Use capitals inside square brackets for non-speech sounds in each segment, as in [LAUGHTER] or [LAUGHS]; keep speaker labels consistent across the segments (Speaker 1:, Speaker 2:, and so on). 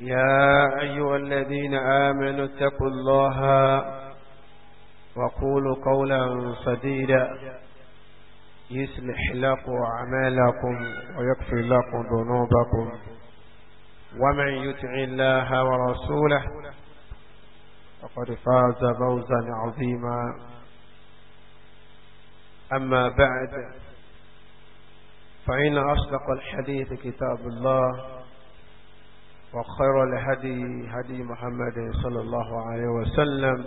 Speaker 1: يا أيها الذين آمنوا اتقوا الله وقولوا قولا صديدا يسلح لكم أعمالكم ويكفر لكم ذنوبكم ومن يتع الله ورسوله فقد فاز فوزا عظيما أما بعد فإن أصدق الحديث كتاب الله وخير الهدي هدي محمد صلى الله عليه وسلم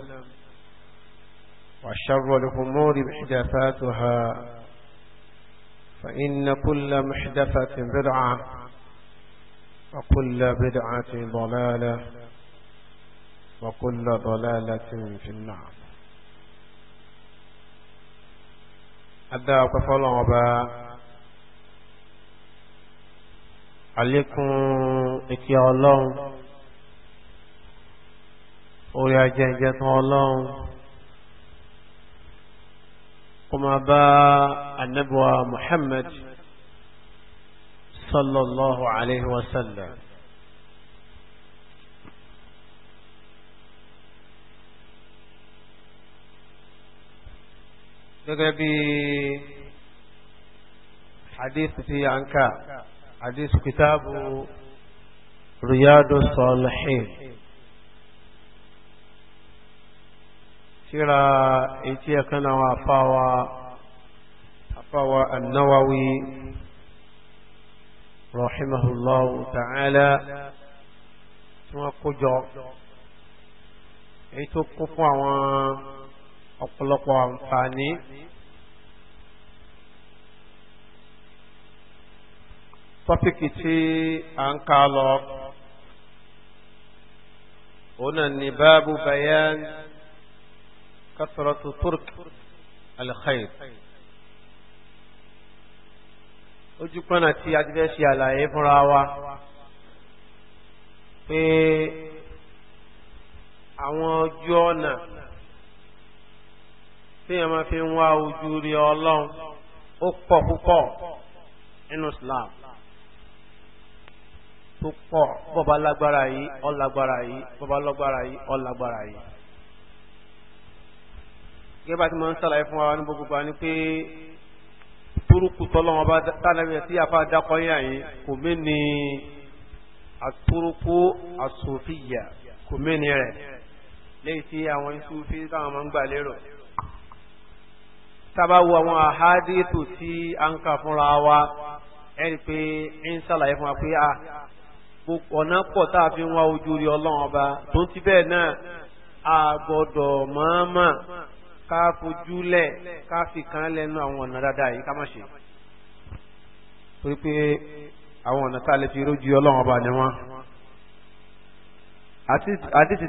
Speaker 1: وشر الأمور محدثاتها فإن كل محدثة بدعة وكل بدعة ضلالة
Speaker 2: وكل ضلالة في النار
Speaker 1: أدى وكفل عباء àlékún ìkẹ́ ọlọ́run orí ajẹ́jẹ́ tán ọlọ́run kó máa bá annabuwa Muhammad sallallahu alaihi wasallam gẹ́gẹ́ bí hadith ti yanka. حديث كتاب رياض الصالحين ترى إتيا كان وفاوى فاوى النووي رحمه الله تعالى ثم قجر èyí كفوا kún fún àwọn tọ́píkì tí a ń ká lọ ona ni baabu bayan kasratu turk alkhair ojú pọ́nà tí a ti fẹ́ ṣe àlàyé fúnra wa pé àwọn ojú ọ̀nà tí a máa fi ń wá ojú rí ọlọ́run ó pọ̀ púpọ̀ nínú Islam tó pọ̀ bọ́ba lágbára yìí ọlágbára yìí bọ́ba lọ́gbára yìí ọlágbára yìí. gẹ́gẹ́ bá ti máa ń sàlàyé fún wa ní gbogbo bá ní pé turuku tọ́lọ́mọ bá tánàbí tí a fà dákọ́ yà yìí kò mí ni aturuku asòfìyà kò mí ni rẹ̀ léyìí tí àwọn Sufi táwọn máa ń gbà lérò. tábà wo àwọn àhádìtò tí a ń kà fúnra wa ẹ̀rí pé ń sàlàyé fún wa pé a. Ah, ọ̀nà pọ̀ tá a fi nwa wá ojú rí ọlọ́run ọba tó ti bẹ́ẹ̀ náà a gbọ́dọ̀ mọ̀ọ́mọ̀ ká fojúlẹ̀ ká fi kan lẹ́nu àwọn ọ̀nà dáadáa yìí ká má ṣe. torí pé àwọn ọ̀nà tá a lè fi rójú ọlọ́run ọba ni wọ́n. àti ti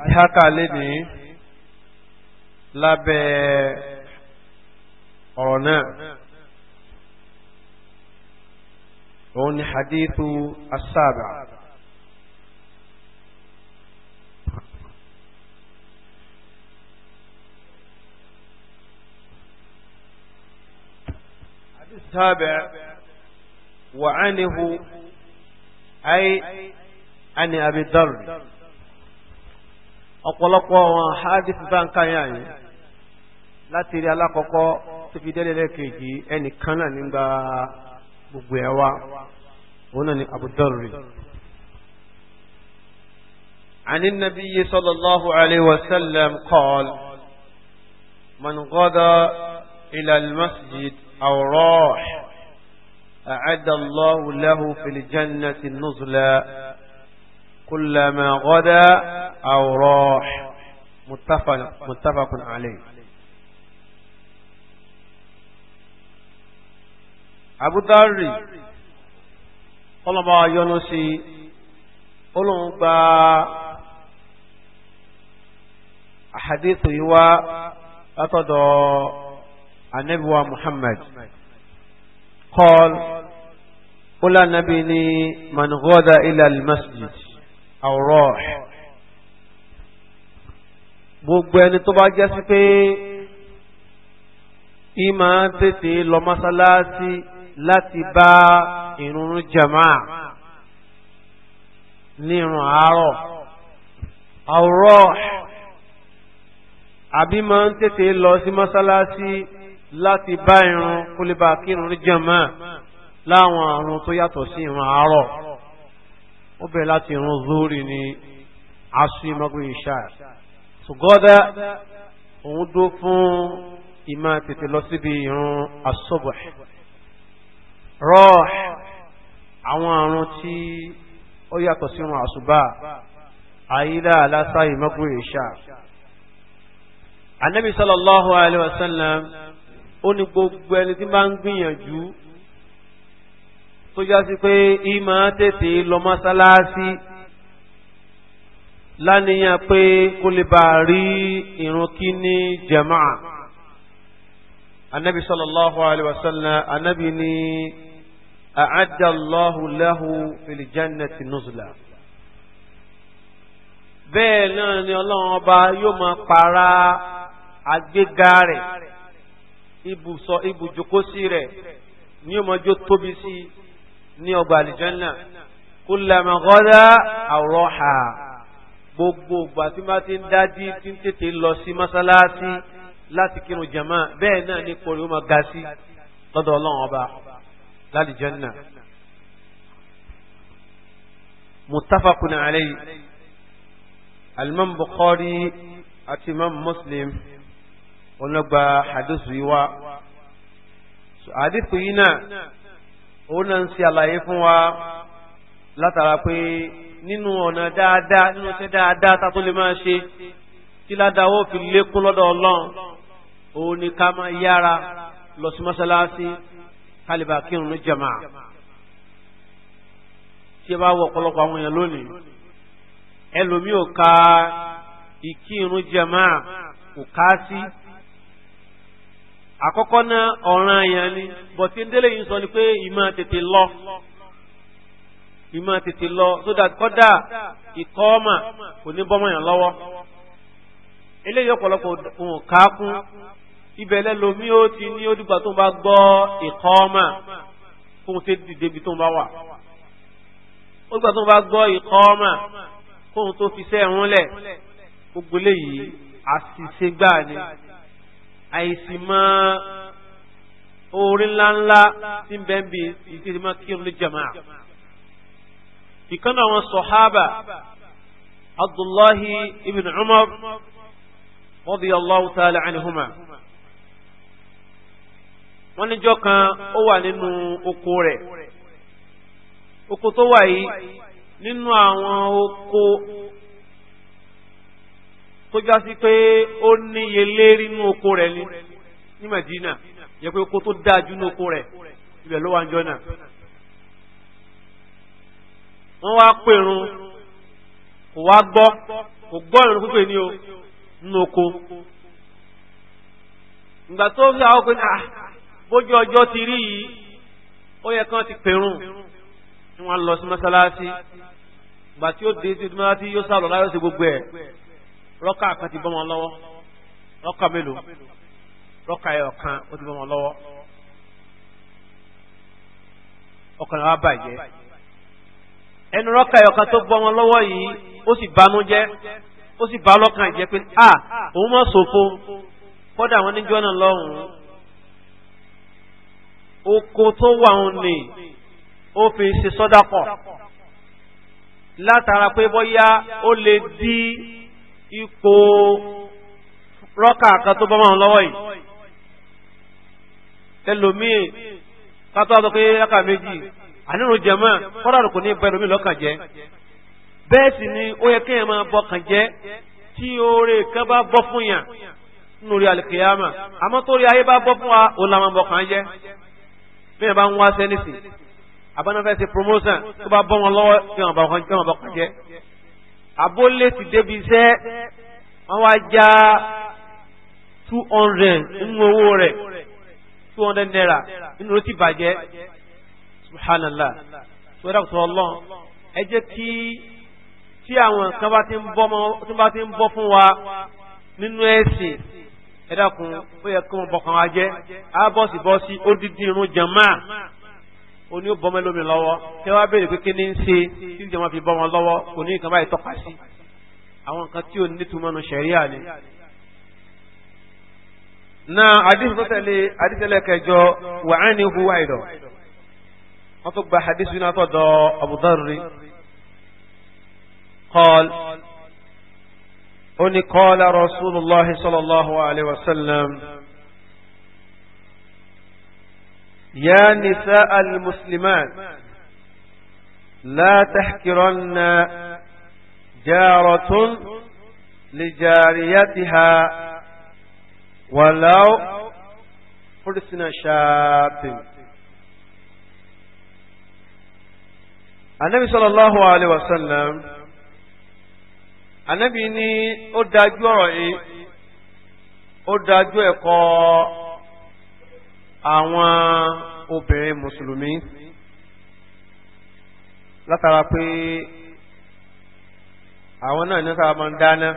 Speaker 1: lábẹ́ ọ̀rọ̀ náà. hadithu السابع وعنه أي عن أبي الذر ọ̀pọ̀lọpọ̀ àwọn àádìsí bá ń káyà yìí láti rí alákọ̀ọ́kọ́ tó fi délé lẹ́ẹ̀kejì ẹnìkan náà nígbà gbogbo ẹ̀ wá òun náà ni Abu Dharr عن النبي صلى الله عليه وسلم قال من غدا إلى المسجد أو راح أعد الله له في الجنة النزلة كلما غدا أو راح متفق, متفق عليه Abu Dharri ọlọ́ba yọ́nú sí olóhun gba àhàdìtò yíwá látọ̀dọ̀ anabi wa muhammad kọ́l kula nabi ni man ghada ila almasjid aw rah gbogbo ẹni tó bá jẹ́ sí pé ìmọ̀ tètè lọ mọ́sálásí láti bá ìrun jama'a ní ìrun àárọ̀ aw rah àbí máa ń tètè lọ láti bá irun kólébà kírun ní jàmá láwọn àrùn tó yàtọ̀ sí irun àárọ̀ ó bẹ̀rẹ̀ láti irun zórí ni asu imagbe isha ṣùgọ́dá òun dó fún ìmá tètè lọ síbi irun asọ́bọ̀ rọ́ọ̀ àwọn àrùn tí ó yàtọ̀ sí irun àṣùbà àyílá aláṣà imagbe isha anabi sallallahu alaihi wasallam ó ní gbogbo ẹni tí máa ń gbìyànjú tó já sí pé ìmọ̀ tètè lọ mọ́sálásí lánìyàn pé kó lè bá rí ìrun kí ní jama'a anabi sallallahu alaihi wasallam anabi ni a'adda lahu fil nuzula bẹ́ẹ̀ náà ni ọlọ́run ọba yóò máa para àgbéga rẹ̀ ibùsọ ibùjókòsí rẹ̀ ní ọmọjó tóbi sí ní ọgbà àlìjánná kullama ghada àwòrán-ha gbogbo ìgbà tí wọ́n ti ń dájí tí ń tètè lọ sí mọ́sálásí láti kírun jàmá bẹ́ẹ̀ náà ní kórè ó máa ga sí lọ́dọ̀ ọlọ́run ọba lálìjánná. muttafaqun alayhi al-imam Bukhari àti imam Muslim onagba hadith yìí wá hadith yìí náà òun náà ń ṣe àlàyé fún wa látara pé nínú ọ̀nà dáadáa nínú iṣẹ́ dáadáa tá a tó lè máa ṣe fi lékún lọ́dọ̀ ọlọ́run òun ni ká máa yára lọ sí mọ́ṣáláṣí kálíbà kírun ní jàmáà tí ẹ bá wọ ọ̀pọ̀lọpọ̀ àwọn lónìí ẹlòmíì ò ka ìkírun jàmáà kò ká sí àkọ́kọ́ náà ọ̀ràn àyàn ni bọ̀tí ndélé yìí sọ ni pé ìmọ̀ tètè lọ ìmọ̀ tètè lọ sódà kọ́dà
Speaker 2: ìkọ́ ọmọ kò ní bọ́mọ yàn lọ́wọ́
Speaker 1: eléyìí ọ̀pọ̀lọpọ̀ òun káàkún ibẹ̀ lẹ́lòmí ó ti ní ó dìgbà tó ń bá gbọ́ ìkọ́ ọmọ fóun tó dìde ibi tó ń bá wà ó dìgbà tó ń bá gbọ́ ìkọ́ ọmọ fóun tó fi sẹ́ẹ̀ rúnlẹ̀ gbogbo eléyìí àṣìṣe gbáà ni. àìsí máa orin ńláńlá tí ń bẹ́ ń bi ìdíje máa kírun ní jama. ìkànnì àwọn sọ̀hábà abdullahi ibn umar radiyallahu ta'ala anhuma. wọ́n níjọ́ kan ó wà nínú oko rẹ̀ oko tó wà yìí nínú àwọn oko tó já sí pé ó níye lérí nínú oko rẹ̀ ni ní Madina yẹ pé oko tó dáa jù nínú oko rẹ̀ ibẹ̀ ló wà ń jọ́nà. wọ́n wá pèrún kò wá gbọ́ kò gbọ́ ìrún pípé ní o nínú oko. ìgbà tó fi àwọn pé ah, bójú ọjọ́ ti rí yìí ó yẹ kán ti pèrún ni wọ́n lọ sí mọ́sálásí ìgbà tí ó dé sí mọ́sálásí yóò sálọ láyọ̀ sí gbogbo ẹ̀ rọ́kà kan ti bọ́ wọn lọ́wọ́ rọ́kà mélòó rọ́kà ẹ̀ ọ̀kan ó ti bọ́ wọn lọ́wọ́ ọkàn wa bàjẹ́ ẹnu rọ́kà ẹ̀ ọ̀kan tó bọ́ wọn lọ́wọ́ yìí ó sì banú jẹ́ ó sì bá lọ́kàn jẹ́ pé à òun mọ̀ ṣòfò kọ́dà àwọn oníjọ́ náà lọ́hùn-ún oko tó wà òun ni ó fi ṣe sọ́dá pọ̀ látara pé bọ́yá ó lè dí ipò rọ́kà kan tó bá wọn lọ́wọ́ yìí ẹlòmíì kátó àtọ́ pé rákà méjì ànírun jẹ̀mọ́ kọ́dà kò ní bá ẹlòmíì lọ́kàn jẹ́ bẹ́ẹ̀ sì ni ó yẹ kéèyàn máa bọkàn jẹ́ tí oore kan bá bọ́ fún yàn nínú orí alìkèyàmà àmọ́ tó rí ayé bá bọ́ fún wa ó làwọn bọkàn jẹ́ bí yàn bá ń wá sẹ́nìsì abánáfẹ́ ṣe promotion tó bá bọ́ wọn lọ́wọ́ kí wọ́n bọkàn jẹ́ abólé ti débi iṣẹ́ wọ́n wá já two hundred nínú owó rẹ̀ two hundred naira nínú ti bàjẹ́ subhanallah sọ́dọ̀ tó ọlọ́run ẹ jẹ́ kí tí àwọn kan bá ti ń bọ́ fún wa nínú ẹ̀sìn ẹ dákun ó yẹ kí wọ́n bọkàn wa jẹ́ á ó dídí irun jàmáà ó ní ó bọ́mọ lómi lọ́wọ́ kí wọ́n béèrè pé kí ní ń ṣe tí ìjọba fi bọ́mọ lọ́wọ́ kò ní nǹkan báyìí tọ́ka sí àwọn nǹkan tí ò ní túmọ̀ nù ṣẹ̀ríà ni. na hadith tó tẹ̀lé hadith tẹ̀lé kẹjọ wà á ní huwa ìdọ̀ wọ́n tó gba hadith náà tọ̀dọ̀ Abu Dharri ó ní qala Rasulullahi sallallahu alayhi wa sallam. يا نساء المسلمات لا تحكرن جارة لجاريتها ولو فرسن شاب النبي صلى الله عليه وسلم النبي ني ó dájú ọ̀rọ̀ yìí àwọn obìnrin mùsùlùmí látara pé àwọn náà nípa máa ń dáná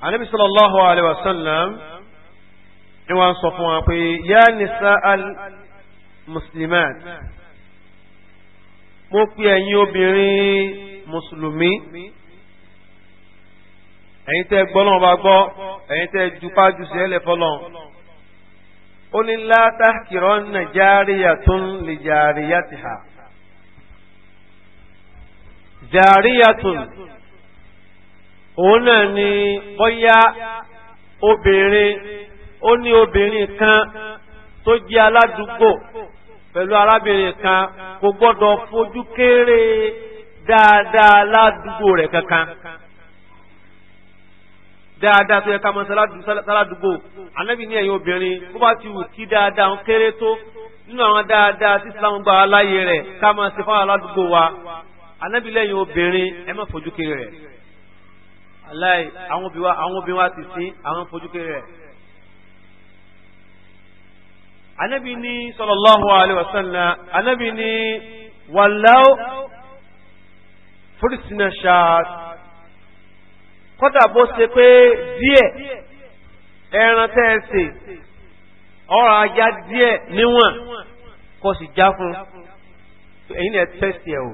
Speaker 1: Ànábì sallallahu alaihi wasallam ni wọ́n sọ fún wa pé yá nìsá al-muslimat mo pè ẹ̀yin obìnrin mùsùlùmí ẹ̀yin tẹ́ gbọ́ náà gbọ́ ẹ̀yin tẹ́ jupájú sí ẹlẹ́fọ́lọ́n ó ní látà kìrọ́ nà járíyà tó ń lè járíyà ti hà járíyà tó òun náà ni bóyá obìnrin ó ní obìnrin kan tó jẹ́ aládùúgbò pẹ̀lú arábìnrin kan kò gbọ́dọ̀ fojú kéré dáadáa ládùúgbò rẹ̀ kankan dáadáa tó yẹ ká mọ sáládùúgbò anábì ní ẹ̀yin obìnrin bó bá ti wù kí dáadáa ń kéré tó nínú àwọn dáadáa tí islam gba aláyè rẹ̀ ká máa ṣe fáwọn aládùúgbò wa anábì lẹ́yìn obìnrin ẹ má fojú kéré rẹ̀ aláì àwọn obìnrin wa àwọn obìnrin wa ti sí àwọn fojú kéré rẹ̀. anábì ní sallallahu alaihi wasallam anábì ní wàláwó fúrísìnà ṣáà kódà bó ṣe pé díẹ̀ ẹran tẹ́ ẹ sè ọ̀rọ̀ ajá díẹ̀ níwọ̀n kó sì já fún ẹ̀yin ẹ̀ tẹ́sì ẹ̀ o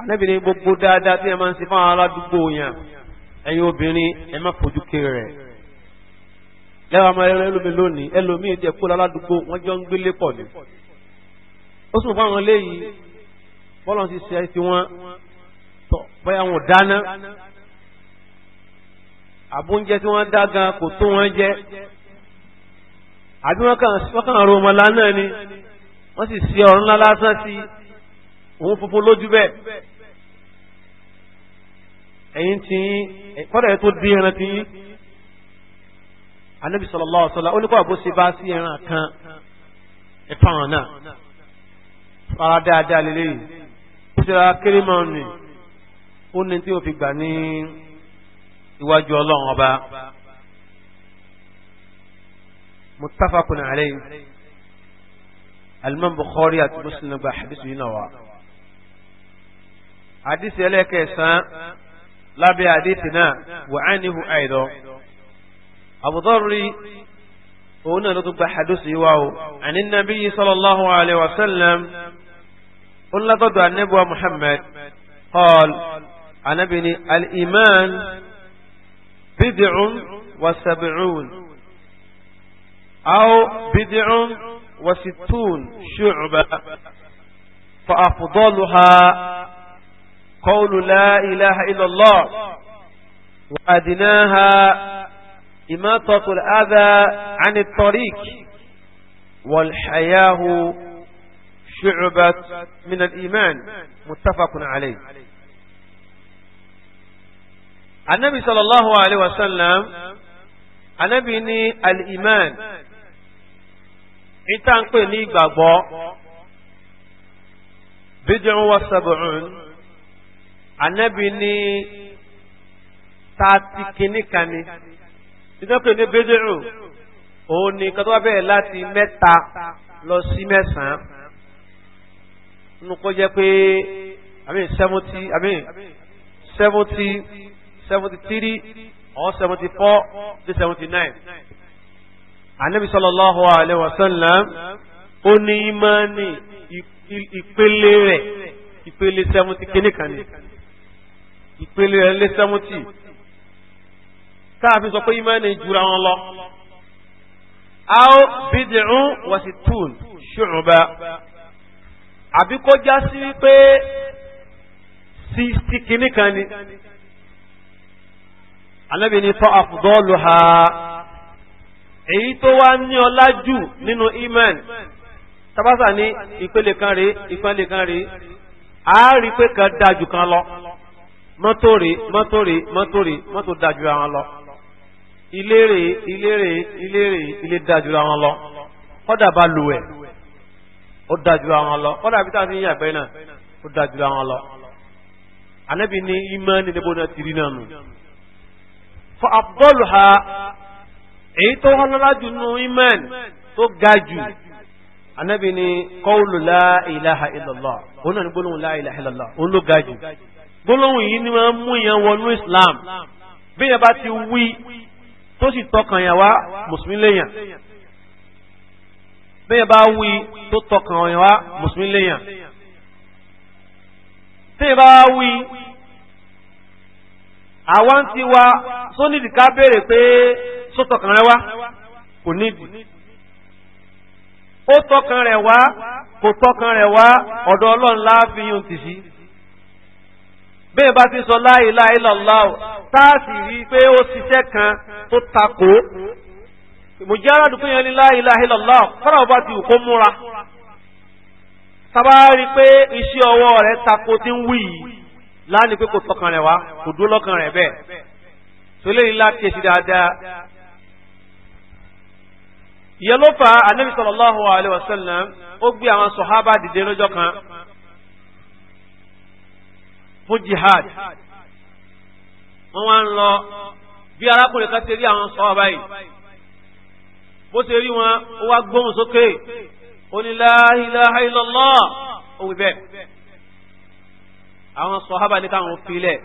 Speaker 1: anábìrin gbogbo dáadáa tí ẹ máa ń ṣe fún aládùúgbò yẹn ẹ̀yin obìnrin ẹ má fojú kéré rẹ̀ lẹ́wọ̀n ọmọ ẹlòmíì lónìí ẹlòmíì jẹ́ kó láládùúgbò wọ́n jọ ń gbélé pọ̀ ni ó sùn fáwọn léyìí bọ́lọ̀ ti ṣe ti wọn tọ́ bóyá wọn dáná àbóúnjẹ tí wọ́n dá gan kò tó wọn jẹ àbí wọ́n kàn ro ọmọ lánàá ni wọ́n sì ṣe ọ̀rọ̀ ńlá lásán sí òun funfun lójú bẹ́ẹ̀ ẹ̀yin tí kọ́dà tó dín ẹran tí yín anabi sallallahu alaihi wasallam ó ní kọ́ àbó ṣe bá sí ẹran kan ẹ̀fọn náà fara dáadáa lélẹ́yìn ó ṣe ra kéré ó ní tí ó fi gbà ní iwájú ọlọ́run ọba muttafaqun alayhi alimam bukhari àti muslim gba hadith yìí náà wá. hadith ẹlẹ́kẹ̀sán lábẹ́ hadith náà wà á níhu àìdọ́. àbúdọ́rí òun náà ló tún gba hadith yìí wá o. àní nàbí sallallahu alayhi wa sallam ó ń látọ̀dọ̀ anábíwá muhammad qal anábìíní al-iman. بدع وسبعون أو بدع وستون شعبة فأفضلها قول لا إله إلا الله وأدناها إماطة الأذى عن الطريق والحياة شعبة من الإيمان متفق عليه anabi sallallahu alayhi wa sallam anabi ní al-iman ìta ń pè ní ìgbàgbọ́ bid'un wa sab'un anabi ní tààtì kìnnìkanì ìta ń pè ní bid'un òun ni kátó wá bẹ̀rẹ̀ láti mẹ́ta lọ sí mẹ́sàn-án nínú kó jẹ́ pé i mean seventy i mean seventy seventy three or seventy four to seventy nine. Ànábi sallallahu alayhi wa sallam ó ní ìmánì ìpele rẹ̀ ìpele seventy kìíní kan ni ìpele rẹ̀ lé seventy káàfin sọ pé ìmánì jura wọn lọ. Aw bid'un wa sittun shu'ba àbí sí wípé sixty kìíní ni anábì ní fọ́ àfùdọ́ọ̀lù ha èyí tó wá ní ọlá jù nínú iman tabasa ní ìpele kan rèé ìpele kan rèé a rí pé kan dájú kan lọ mọ́tò rèé mọ́tò rèé mọ́tò rèé mọ́tò dájú àwọn lọ ilé rèé ilé rèé ilé rèé ilé dájú àwọn lọ kọ́dà bá lu ẹ̀ ó dájú àwọn lọ kọ́dà bí táwọn ti ń yàgbẹ́ náà ó dájú àwọn lọ. Ànábì ní ìmọ̀ ní níbo náà ti rí náà nù fa afdalha èyí tó hánlọ́lá jù nù imán tó ga jù anábì ni qawlu la ilaha illallah òun náà ni gbólóhùn la ilaha illallah òun ló ga jù gbólóhùn yìí ni máa ń mú yẹn wọnú islam bí yẹn bá ti wí tó sì tọkàn yẹn wá mùsùlùmí lèyàn bí yẹn bá wí tó tọkàn yẹn wá mùsùlùmí lèyàn tí yẹn bá wí àwa ń ti wa sónìdì ká béèrè pé sótọkàn rẹ wá kò nídìí ó tọkàn rẹ wá kò tọkàn rẹ wá ọ̀dọ̀ ọlọ́run láàfihàn tì sí bẹ́ẹ̀ bá ti sọ la ilaha illallah táàsì rí pé ó ṣiṣẹ́ kan tó takò mùjáràdù pé yẹn ní la ilaha illallah fọ́nà ọba ti kó múra sábà rí pé iṣẹ́ ọwọ́ rẹ̀ takò ti ń wí yìí láàánú pé kò tọkàn rẹ̀ wá kò dúró lọ́kàn rẹ̀ bẹ́ẹ̀ tó lè nílá kíyèsí dáadáa. ìyẹn ló fa anabi sallallahu alayhi wa sallam ó gbé àwọn sọ̀hábà dìde lọ́jọ́ kan fún jihad wọ́n wá ń lọ bí arákùnrin kan ti rí àwọn sọ̀hábà yìí bó ti rí wọn ó wá gbóhùn sókè ó ní la àwọn sọ̀hábà ní káwọn filẹ̀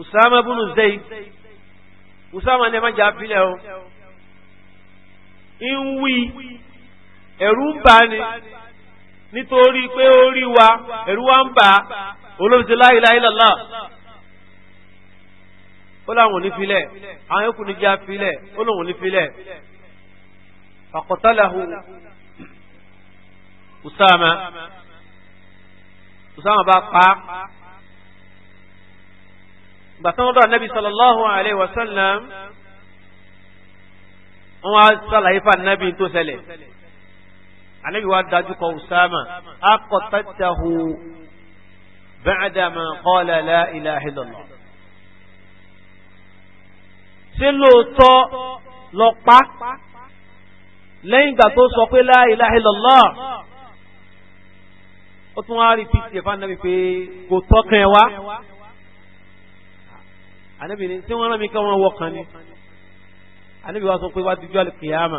Speaker 1: usama bunu zayd usama ní ẹ má jà filẹ̀ o ń wí ẹ̀rù ń bà ní nítorí pé ó rí wa ẹ̀rù wa ń bà olóòtú láìláìlọ́lá ó láwọn ní àwọn yòókù ní já filẹ̀ ó lóun ní filẹ̀ faqatalahu Usama bá pa gbàtàn ọdọ anabi sallallahu alayhi wa sallam wọn á sàlàyé fún anabi tó ṣẹlẹ̀ anabi wa dájú kọ Usama akọtàtàhù ba'dama qala la ilaha illallah. ṣé lóòótọ́ lọ pa lẹ́yìn ìgbà tó sọ pé la ilaha ó tún wá rí píìtì ẹ̀fà nàbí pé kò tọ́kàn ẹ̀ wá ànábì ni tí wọ́n rán mi ká wọ́n wọkàn ni ànábì wa sọ pé wá dijú àlùkìyàmà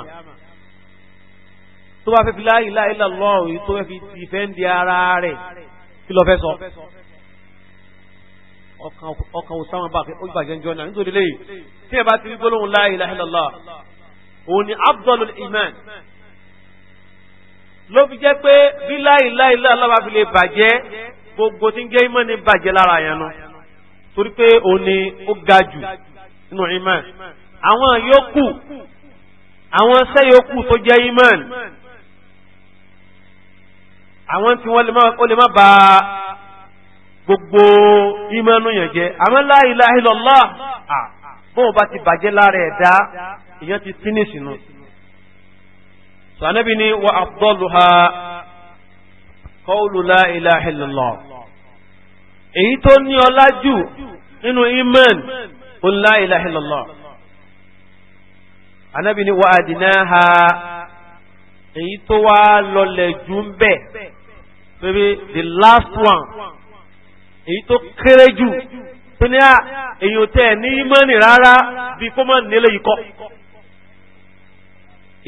Speaker 1: tó bá fẹ́ fi la ilaha illallah yìí tó fẹ́ fi dìfẹ́ǹdì ara rẹ̀ kí ló fẹ́ sọ ọkàn òsáwọn bá ó bàjẹ́ ń jọ náà nítorí lẹ́yìn tí ẹ bá ti rí gbólóhùn la ilaha illallah òun ni abdul iman ló fi jẹ́ pé bí láìláìlá aláwa fi lè bàjẹ́ gbogbo tí ń jẹ́ ìmọ̀ ní bàjẹ́ lára yẹn nu torí pé òun ni ó ga jù nínú ìmọ̀ àwọn yòókù àwọn iṣẹ́ yòókù tó jẹ́ ìmọ̀ àwọn tí wọ́n lè má ba gbogbo ìmọ̀ nù yẹn jẹ́ àmọ́ láìláìlá bóun bá ti bàjẹ́ lára ẹ̀dá ìyẹn ti fínísì nù. No sànẹ́bí ni wà afdaluha qawlu la ilaha illallah èyí tó ní ọlá jù nínú iman ó la ilaha illallah ànẹ́bí ni wà adinaha èyí tó wá lọlẹ̀ jù ń bẹ̀ bẹ́ẹ̀ the last one èyí tó kéré jù tó ní à èyí ò tẹ̀ ní imani rárá bí kó mọ̀ nílé ikọ́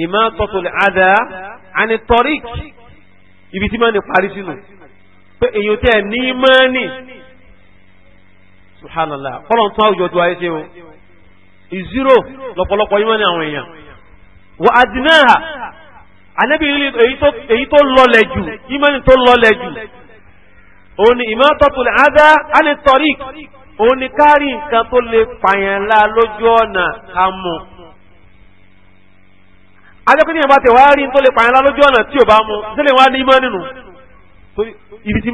Speaker 1: imatatul adha ani tariq ibi tí máa ní parí sínú pé èyàn tẹ́ ní máa ní subhanallah kọ́lọ̀ tún àwùjọ tó ayé ṣe o ìzírò lọ́pọ̀lọpọ̀ yí máa ní àwọn èèyàn wà adnaha anábì èyí tó lọlẹ̀ jù ìmánì tó lọlẹ̀ jù òun ni imatatul adha ani tariq òun ni kárí nǹkan tó lè pààyàn lá lójú ọ̀nà àmọ́ ajẹ́pẹ́ ní ìbátẹ̀ wá rí tó lè pààyàn lójú ọ̀nà tí ò bá mú sílẹ̀ wá ní ìmọ̀ nínú ibi tí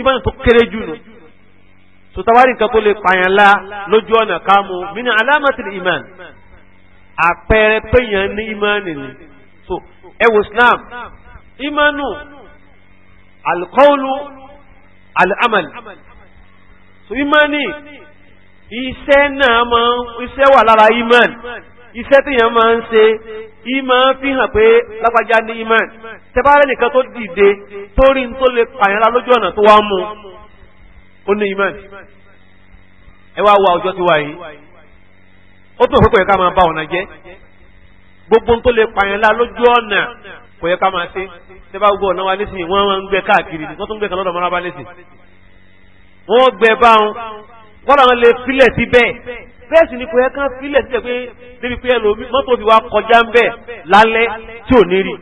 Speaker 1: ìmọ̀ tó kéré jù nù so tawari nǹkan tó lè pààyàn lá lójú ọ̀nà ká mú mínú alámọ̀tìlì ìmọ̀ àpẹẹrẹ péyàn ní ìmọ̀ nìyí so ẹ wo Islam ìmọ̀ nù alkọ́ọ̀lù al'amal so ìmọ̀ ní iṣẹ́ náà mọ́ iṣẹ́ wà lára ìmọ̀ iṣẹ́ tí yẹn máa ń ṣe ìmọ̀ fi hàn pé lágbájá ní imán tẹ́bárẹ́ nìkan tó dìde tó rí n tó lè pààyàn lá lójú ọ̀nà tó wá mú ó ní imán ẹ wá wá ọjọ́ tí wá yìí ó tún òfin kò yẹ ká máa bá ọ̀nà jẹ́ gbogbo n tó lè pààyàn lá lójú ọ̀nà kò yẹ ká máa ṣe tẹ́bá gbogbo ọ̀nà wa nísìnyí wọ́n máa ń gbẹ káàkiri wọ́n tún gbẹ kan lọ́dọ̀ mọ́ra bá nísìnyí wọ́n gbẹ báwọn bẹ́ẹ̀ sì ni kò yẹ kán sílẹ̀ sílẹ̀ pé débi pé ẹlòmí mọ́tò fi wá kọjá ń bẹ̀ lálẹ́ tí ò ní rí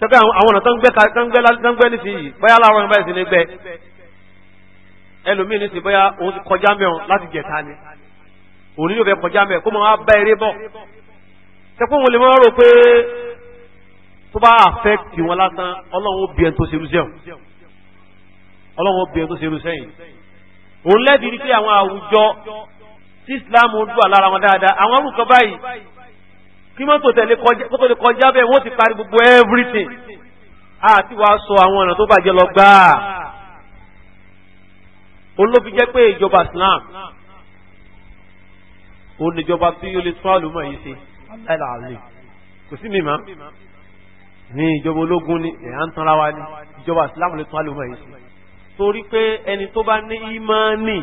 Speaker 1: sọ́kẹ́ àwọn ọ̀nà tó ń gbẹ́ nísìnyí bóyá láàárọ̀ nígbà ìsinmi gbẹ ẹlòmí nísìnyí bóyá òun ti kọjá mẹ́ọ̀ láti jẹ̀ta ni òun yóò fẹ́ kọjá mẹ́ kó mọ wá bá eré bọ̀ sẹ́kọ́ wọn lè mọ́ rò pé tó bá àfẹ́ tì wọn lásán ọlọ́run ó bí ẹni tó ṣerú ọlọ́run ó bí ẹni tó ṣerú òun lẹ́bi ní pé àwọn àwùjọ tí islam ń dùn àlára wọn dáadáa àwọn orúkọ báyìí kí mọ́tò tẹ̀lé kọjá bẹ́ẹ̀ wọ́n ti parí gbogbo everything àti wàá sọ àwọn ọ̀nà tó bàjẹ́ lọ gbáà olófin jẹ́ pé ìjọba islam òun níjọba tí ó lè tún àlùmọ̀ yìí ṣe aláìláàlè kò sí mímọ́ ní ìjọba ológun ni ẹ̀yà ń tanra wa ni ìjọba islam lè tún àlùmọ̀ yìí ṣe torí pé ẹni tó bá ní ìmánì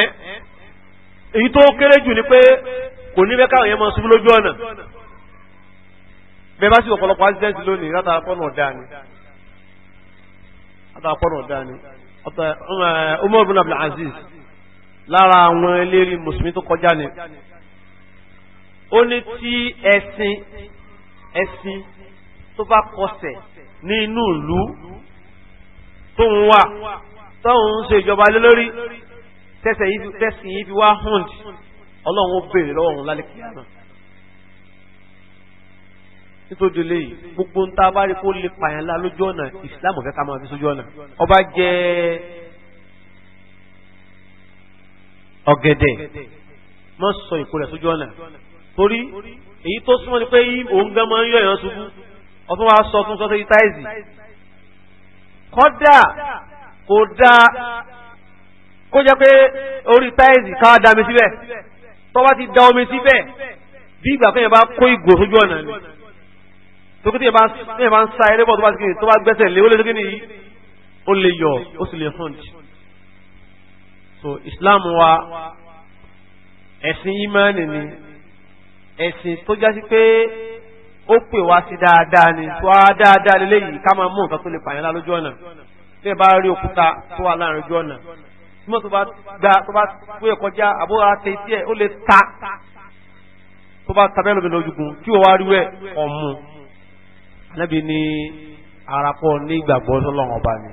Speaker 1: ẹ́ èyí tó kéré jù ni pé kò ní mẹ́ka òyìn mọ́ ṣubú lójú ọ̀nà bẹ́ẹ̀ bá sì ọ̀pọ̀lọpọ̀ accident lónìí látara pọ́nà ọ̀dá ni látara pọ́nà ọ̀dá ni Umar bin Abdul Aziz lára àwọn eléri mùsùlùmí tó kọjá ni ó ní tí ẹ̀sìn ẹ̀sìn tó bá kọsẹ̀ ní inú ìlú tóun wà tóun ń ṣe ìjọba lé lórí tẹ́sìn yìí fi wá hàn ọlọ́run ó béèrè lọ́wọ́ òun lálẹ́ kíámà nítorí lèyí gbogbo ń ta bá rí kó lè pààyàn lá lójú ọ̀nà ìsìlámù fẹ́ ká máa fi sójú ọ̀nà ọba jẹ́ ọ̀gẹ̀dẹ̀ mọ́ sọ ìkó rẹ̀ sójú ọ̀nà torí èyí tó súnmọ́ ni pé òun gan máa ń yọ ìran ṣubú ọtún wa sọ fún sọ́sẹ́ táìsì kódà kódà kó jẹ́ pé orí táìsì ká da omi síbẹ̀ tó bá ti da omi síbẹ̀ bí ìgbà fẹ́yìn bá kó ìgò sójú ọ̀nà ni tókè tí yẹn bá ń sa eré bọ̀ tó bá ti tó bá gbẹ́sẹ̀ lé ó lè tókè nìyí ó lè yọ ó sì lè hunt so Islam wa ẹ̀sìn ìmánì ni ẹ̀sìn tó já sí pé ó pè wá sí dáadáa ni tó á dáadáa lélẹ́yìí ká máa mú nǹkan tó lè pààyàn lójú ọ̀nà tí ẹ bá rí òkúta tó wà láàrin ojú ọ̀nà mọ́ tó bá gba tó bá wúyẹ̀ kọjá àbúrò àti etí ẹ̀ ó lè ta tó bá tabẹ́ lómi lójúgun kí wọ́n wá rí wẹ̀ ọ̀mù níbi ní arapọ̀ ní ìgbàgbọ́ sọlọ́wọ́n ọba ni.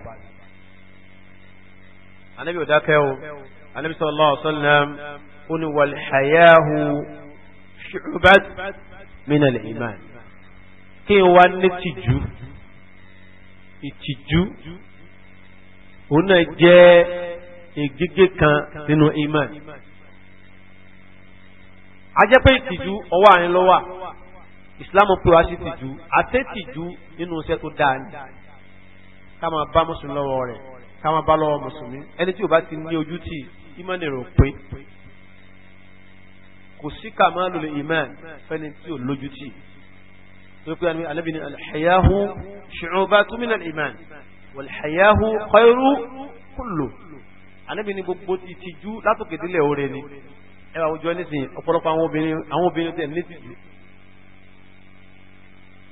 Speaker 1: anabi ọ̀dákẹ́ o anabi sallallahu alaihi ó ní wal hayahu shu'bat min al kí n wá ní tìjú ìtìjú òun náà jẹ́ ìgégé kan nínú iman a jẹ́ pé ìtìjú ọwọ́ àárín lọ́wọ́ islam pé wá sí ìtìjú àtẹ́tìjú nínú iṣẹ́ tó dáa ni ká máa bá mùsùlùmí lọ́wọ́ rẹ̀ ká máa bá lọ́wọ́ mùsùlùmí ẹni tí ò bá ti ní ojú tì iman rẹ̀ ò pé kò sí ká máa lòlẹ̀ iman fẹ́ni tí ò lójú tì tó pé Ànábì ní alḥayáhu ṣu'batun min al-iman wal-hayáhu khayru kullu ànábì ní gbogbo ìtìjú látòkè délẹ̀ oore ni ẹ wàá wùjọ nísìnyí ọ̀pọ̀lọpọ̀ àwọn obìnrin àwọn obìnrin tẹ̀ ní tìjú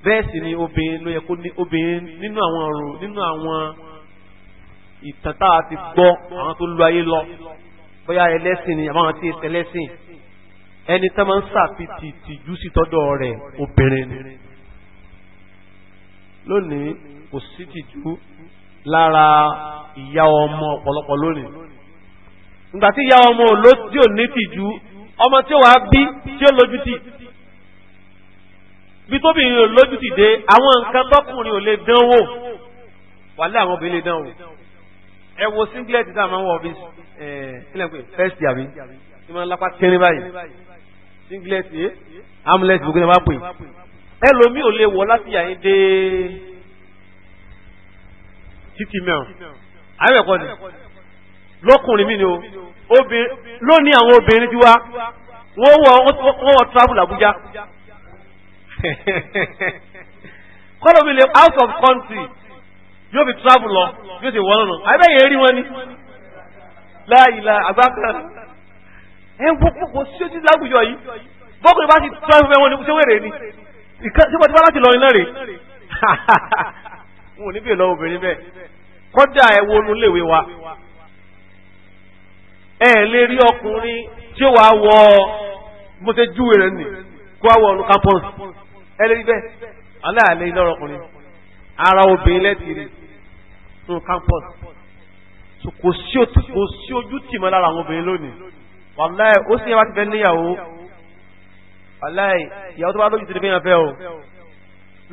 Speaker 1: bẹ́ẹ̀ sì ni obìnrin ló yẹ kó ní obìnrin nínú àwọn ọ̀rọ̀ nínú àwọn ìtàn tá a ti gbọ́ àwọn tó lu ayé lọ bóyá ẹlẹ́sìn ni àwọn tí ẹlẹ́sìn ẹni tó máa ń sàfitì tìjú sí tọ́dọ̀ rẹ̀ obìnrin ni lónìí kò sí tìjú lára ìyá ọmọ ọ̀pọ̀lọpọ̀ lónìí nígbà tí ìyá ọmọ ló tí ò ní tìjú ọmọ tí ó wàá bí tí ó lójú tì bí tóbìnrin ò lójú tì dé àwọn nǹkan tọkùnrin ò lè dán wò wàlẹ́ àwọn obìnrin lè dán wò ẹ wo singlet tá a máa ń wọ bí kílẹ̀ first yàrá tí wọ́n lápá kẹrin báyìí singlet eh? amulet gbogbo ẹ̀ máa pè ẹ lómi ò lè wọ láti yàrá dé títí mẹ́rin àyẹ̀kọ́ ni lọ́kùnrin mi ni o lónìí àwọn obìnrin ti wá wọ́n wọ wọ́n travel Abuja [LAUGHS] kọ́lọ̀ mi lè out of country yóò fi travel lọ yóò ti wọ́n lọ àbẹ́yẹ rí wọn ni láìla àgbákan ẹ̀ ń pọ́pọ́ sí ojú láwùjọ yìí bọ́kùnrin bá ti travel fẹ́ wọn ni ṣé wèrè ni ìkàtí wọ́n ti bá láti lọ iná rè [LAUGHS] wọn ò ní bèèrè obìnrin bẹ́ẹ̀ kọ́dà ẹ wọnú léwe wa ẹ lè rí ọkùnrin tí ó wà wọ mo ṣe júwe rẹ nì kó wà wọ ọ̀nù kápọ́n ẹ lè rí bẹ́ẹ̀ aláàlẹ́ ilé ọkùnrin ara obìnrin lẹ́tì rí nù kápọ́n kò sí ojú tì mọ́ lára àwọn obìnrin lónìí wàláì ó sì yẹ wá ti fẹ́ níyàwó wàláì ìyàwó tó bá lójú ti di fi hàn fẹ́ o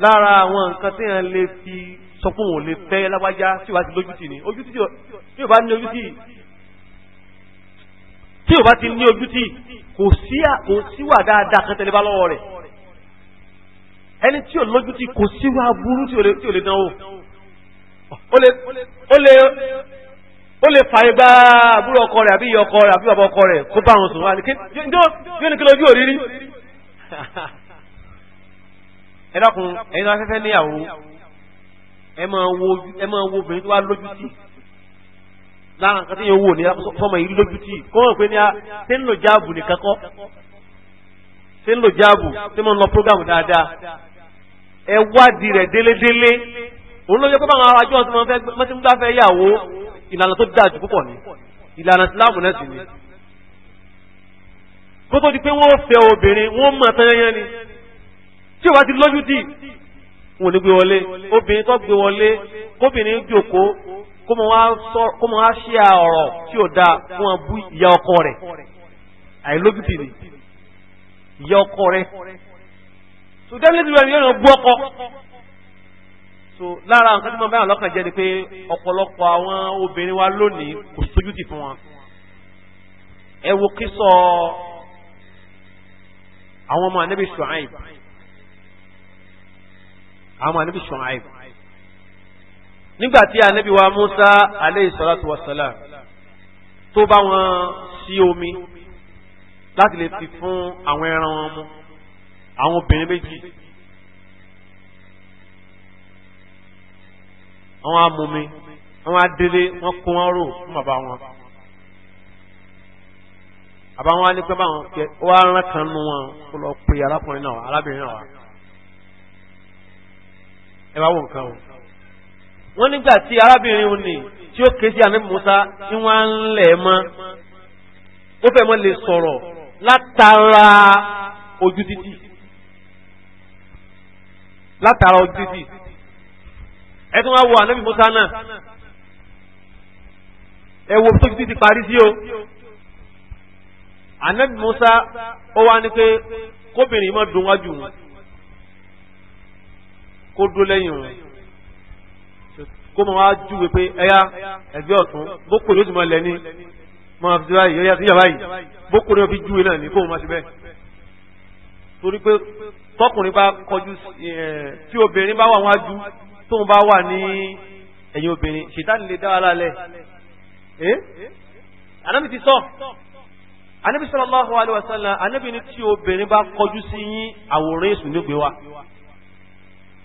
Speaker 1: lára àwọn nǹkan tí yẹn lè fi sọ pé òun ò lè fẹ́ lágbájá tí ò ti lójútì ni ojútì tí ò bá ní ojútì tí ò bá ti ní ojútì kò síwà dáadáa kan tẹ̀lé bá lọ́wọ́ rẹ̀ ẹni tí ò lójútì kò síwà burú tí ò lè dánwò ó lè fàyè gba àbúrò ọkọ rẹ̀ àbí ìyá ọkọ rẹ̀ àbí bàbá ọkọ rẹ̀ kó bá wọn sùn wá ní kí ní kí lójú òrírí [LAUGHS] ẹ dákun ẹni wọn fẹ́fẹ́ níyàwó ẹ máa wo ẹ máa wo obìnrin tó wá lójú tì lára nǹkan tí yẹn wò ní fọmọ yìí lójú tì kó wọn pe ní a ṣé ń lò jáàbù nìkan kọ́ ṣé ń lò jáàbù ṣé mo ń lọ prógámù dáadáa ẹ wádìí rẹ̀ délédélé òun ló yẹ kó báwọn àjọ ọsùn máa fẹ́ mọtí ń gbáfẹ́ yàwó ìlànà tó dáa jù púpọ̀ ni ìlànà ìsìláàmù náà sì ni kó tó di pé wọn ò obìnrin wọn mọ tán yẹn ni tí o bá ti lójú tì wọn ò ní gbé wọlé obìnrin tó gbé wọlé kóbìnrin jòkó kó mọ wá ṣí ọ̀rọ̀ tí ò dáa fún wọn bú ìyá ọkọ rẹ̀ àìlójútì ni ìyá ọkọ rẹ̀ so definitely wọn yóò bú ọkọ so lára nǹkan tí mo bá wọn lọ́kàn jẹ́ ni pé ọ̀pọ̀lọpọ̀ àwọn obìnrin wa lónìí kò sójútì fún wọn ẹ wo kí sọ àwọn ọmọ ànábì Ṣuaib àwọn ànábì Ṣuaib nígbà tí wa Musa aleyhi salatu wa salam tó bá wọn sí omi láti lè fi fún àwọn ẹran wọn mu àwọn obìnrin méjì àwọn amumi àwọn adélé wọn kó wọn rò fún bàbá wọn bàbá á ní pẹ́ báwọn kẹ ó wá rán kan nu wọn kó lọ pe arákùnrin náà arábìnrin náà wá ẹ wá wọ nǹkan o wọ́n nígbà tí arábìnrin òní tí ó ké sí ànábì Musa tí wọ́n á ń lẹ̀ mọ́ ó fẹ́ mọ́ lè sọ̀rọ̀ látara ojú títì látara ojú títì ẹ tún wá wo ànábì Musa náà ẹ wo tójú títì parí sí o ànábì Musa ó wá ní pé kóbìnrin mọ́ dùn wájú wọn kó dó lẹ́yìn òun kó mọ wá júwe pé ẹyá ẹgbẹ́ ọ̀tún bókò ní ojúmọ́ lẹ́ni mọ fi báyìí ẹyá sí yàrá yìí bókò ní ọfi júwe náà ní kó mọ sí bẹ́ẹ̀ torí pé tọkùnrin bá kọjú tí obìnrin bá wà wájú tóun bá wà ní ẹ̀yìn obìnrin ṣètàn lè dá wa lálẹ́ ẹ́ anábì ti sọ anábì sallallahu alaihi wasallam anábì ní tí obìnrin bá kọjú sí yín àwòrán èṣù nígbè wa.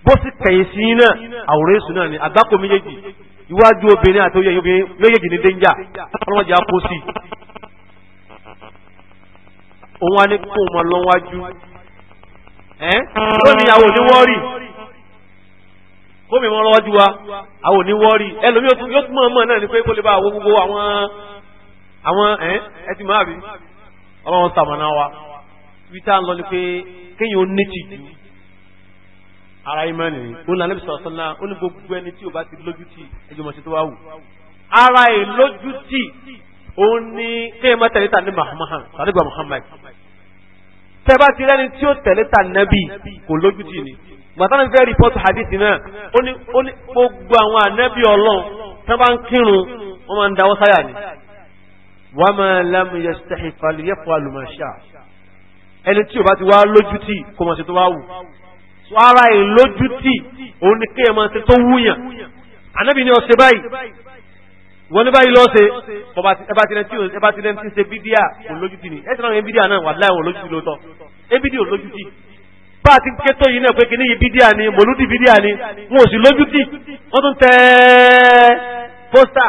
Speaker 1: bó sì iná náà ni àgbákò méjèèjì iwájú obìnrin àti oyè obìnrin méjèèjì ní dénjà ọlọ́mọdé á kó sí i. òun á ní kó mọ lọ́wájú ẹ́ àwọn oníwọ́ọ̀rì wa àwọn oníwọ́ọ̀rì yóò tún mọ̀ náà ni pé kó lè bá àwọn gbogbo àwọn àwọn ara imani ni ó lànà bí sọ̀rọ̀ sọ́nà ó ní gbogbo ẹni tí o bá ti lójú tì ẹjọ́ ṣe tó wá wù. ara ẹ̀ lójú tì ó ní kéèyàn má tẹ̀lé ta ní Muhammad sàdégbà Muhammad tẹ́ bá ti rẹ́ni tí ó tẹ̀lé ta nẹ́bì kò lójú ni màtánà fẹ́ rìpọ́tù hadith náà ó ní ó ní gbogbo àwọn ànẹ́bì ọlọ́run tẹ́ bá ń kírun wọ́n máa ń dáwọ́ sáyà ni. wàá máa lámú yẹ sẹ́hìn falẹ̀ yẹ fọ́ àlùmọ̀ṣà ẹni tí o bá ti wá lójú tì kò mọ̀ ṣe tó wá wù so ara ìlójútì òun ni kéèyàn máa ṣe tó wúyàn ànábì ni ọ̀sẹ̀ báyìí wọ́n ní báyìí lọ́ọ̀ṣe ẹba ti lẹ́nu tí ń ṣe bídíà olójútì ni ẹ̀sìn náà bídíà náà wà láì olójútì lóòótọ́ ebídí olójútì bá a ti kétó yìí náà pé kí bídíà ni mòlúdì bídíà ni wọn ò sì lójútì wọ́n tún tẹ́ pósítà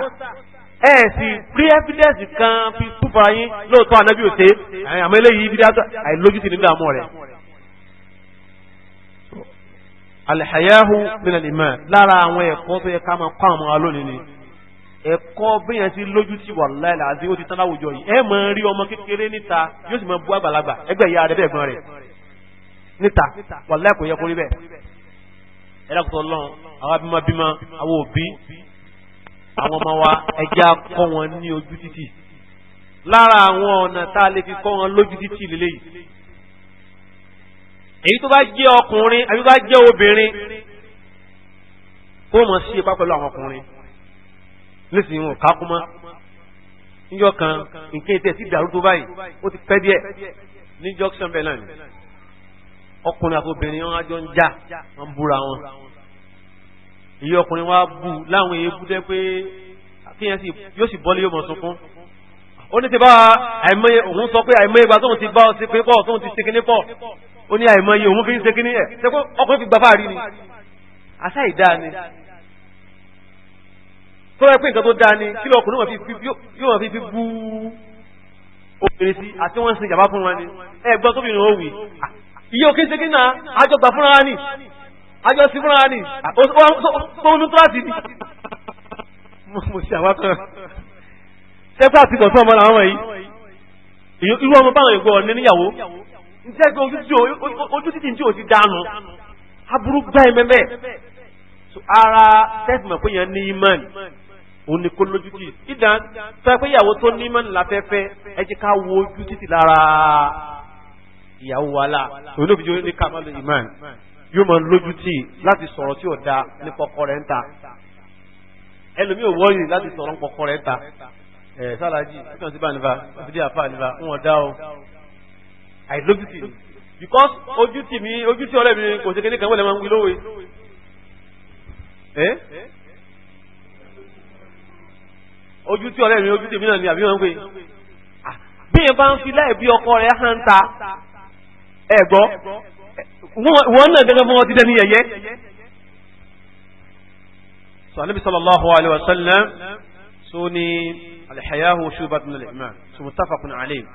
Speaker 1: ẹ sì rí ẹ́fídẹ́ẹ̀sì kan fi túbọ̀ yín lóòótọ́ ànábì òṣè àmọ́ eléyìí bídíà àìlójútì nígbà mọ́ rẹ̀ alìhàyáhù min al-iman lára àwọn ẹ̀kọ́ tó yẹ ká máa kọ́ àwọn alónìí ni ẹ̀kọ́ bí yẹn ti lójú ti wà láìla àti ó ti tán láwùjọ yìí ẹ máa rí ọmọ kékeré níta yóò sì máa bú àgbàlagbà ẹgbẹ́ ìyá rẹ̀ bẹ́ẹ̀gbọ́n rẹ̀ níta wà láì kò yẹ kó rí bẹ́ẹ̀ ẹ dákòtò lọ́n àwọn abímọ àwọn òbí àwọn ọmọ wa ẹja kọ́ wọn ní ojú títì lára àwọn ọ̀nà tá a lè fi kọ́ wọn lójú títì lélẹ́yìí èyí tó bá jẹ́ ọkùnrin àbí bá jẹ́ obìnrin kó mọ̀ sí ipa pẹ̀lú àwọn ọkùnrin nísìnyí wọn kákú mọ́ níjọ́ kan nǹkan ètò ẹ̀sìn ìdàrú tó báyìí ó ti pẹ́ díẹ̀ ní junction bẹ́ẹ̀ náà ni ọkùnrin àti obìnrin wọn àjọ ń jà wọn búra wọn èyí ọkùnrin wa bù láwọn èébú dẹ́ pé kíyàn sì yóò sì bọ́lé yóò mọ̀ sunkún ó ní ti bá àìmọye òun sọ pé àìmọye ìgbà tóun ti bá ọ sí pé pọ̀ tóun ti sikin ní pọ̀ ó ní àìmọ iye òun fi ń ṣe kíní ẹ̀ tẹ́kọ́ ọkùnrin fi gbà fáàrí ni àṣà ìdá ni tó rẹ pé nǹkan tó dáa ni kí lọ ọkùnrin yóò wọ́n fi fi bú obìnrin sí àti wọ́n ń sin ìjàmbá fún wọn ni ẹ gbọ́ tóbi ni ó wì iye òkè ṣe kíní náà àjọ gbà fúnra wa ni àjọ sí fúnra wa ni tó ń nútúrásì ni mo ṣe àwọn kan ṣẹ́fẹ́ àti kọ̀ọ̀tún ọmọ làwọn wọ̀nyí irú ọmọ báwọn ìgbọ́ ọ̀nẹ́ níyàwó níṣẹ́ pé ojú títì tí ò ti dànù aburú gbá ẹ mẹ́mẹ́ ara tẹ́sìmọ̀ pé yẹn ní imán òun ni kó lójú tì ìdán sọ pé ìyàwó tó ní imán láfẹ́fẹ́ ẹ jẹ́ ká wo ojú títì lára ìyàwó wa la òun ló fi jẹ́ ní kàmá lè imán yóò máa lójú tì láti sọ̀rọ̀ tí ò da nípa ọkọ rẹ̀ ń ta ẹlòmíì ò wọ́ọ̀yì láti sọ̀rọ̀ nípa ọkọ rẹ̀ ń ta ẹ̀ sálájì ó kàn sí bá nípa ó fi dé àfà nípa ń wọ́n dá o àìlójútì ni because ojútì mi ojútì ọ̀rẹ́ mi kò ṣe kéde kan wọlé máa ń wí lówe ẹ ojútì ọ̀rẹ́ mi ojútì mi náà ni àbí wọn ń pè ah, bí yẹn bá ń fi láì bí ọkọ rẹ̀ hàn ta ẹ gbọ́ wọn náà gẹ́gẹ́ bí wọn ti dẹni yẹ̀yẹ́ so anabi sallallahu alaihi wa sallam so ni alhayahu shubatun al-iman so muttafaqun alayhi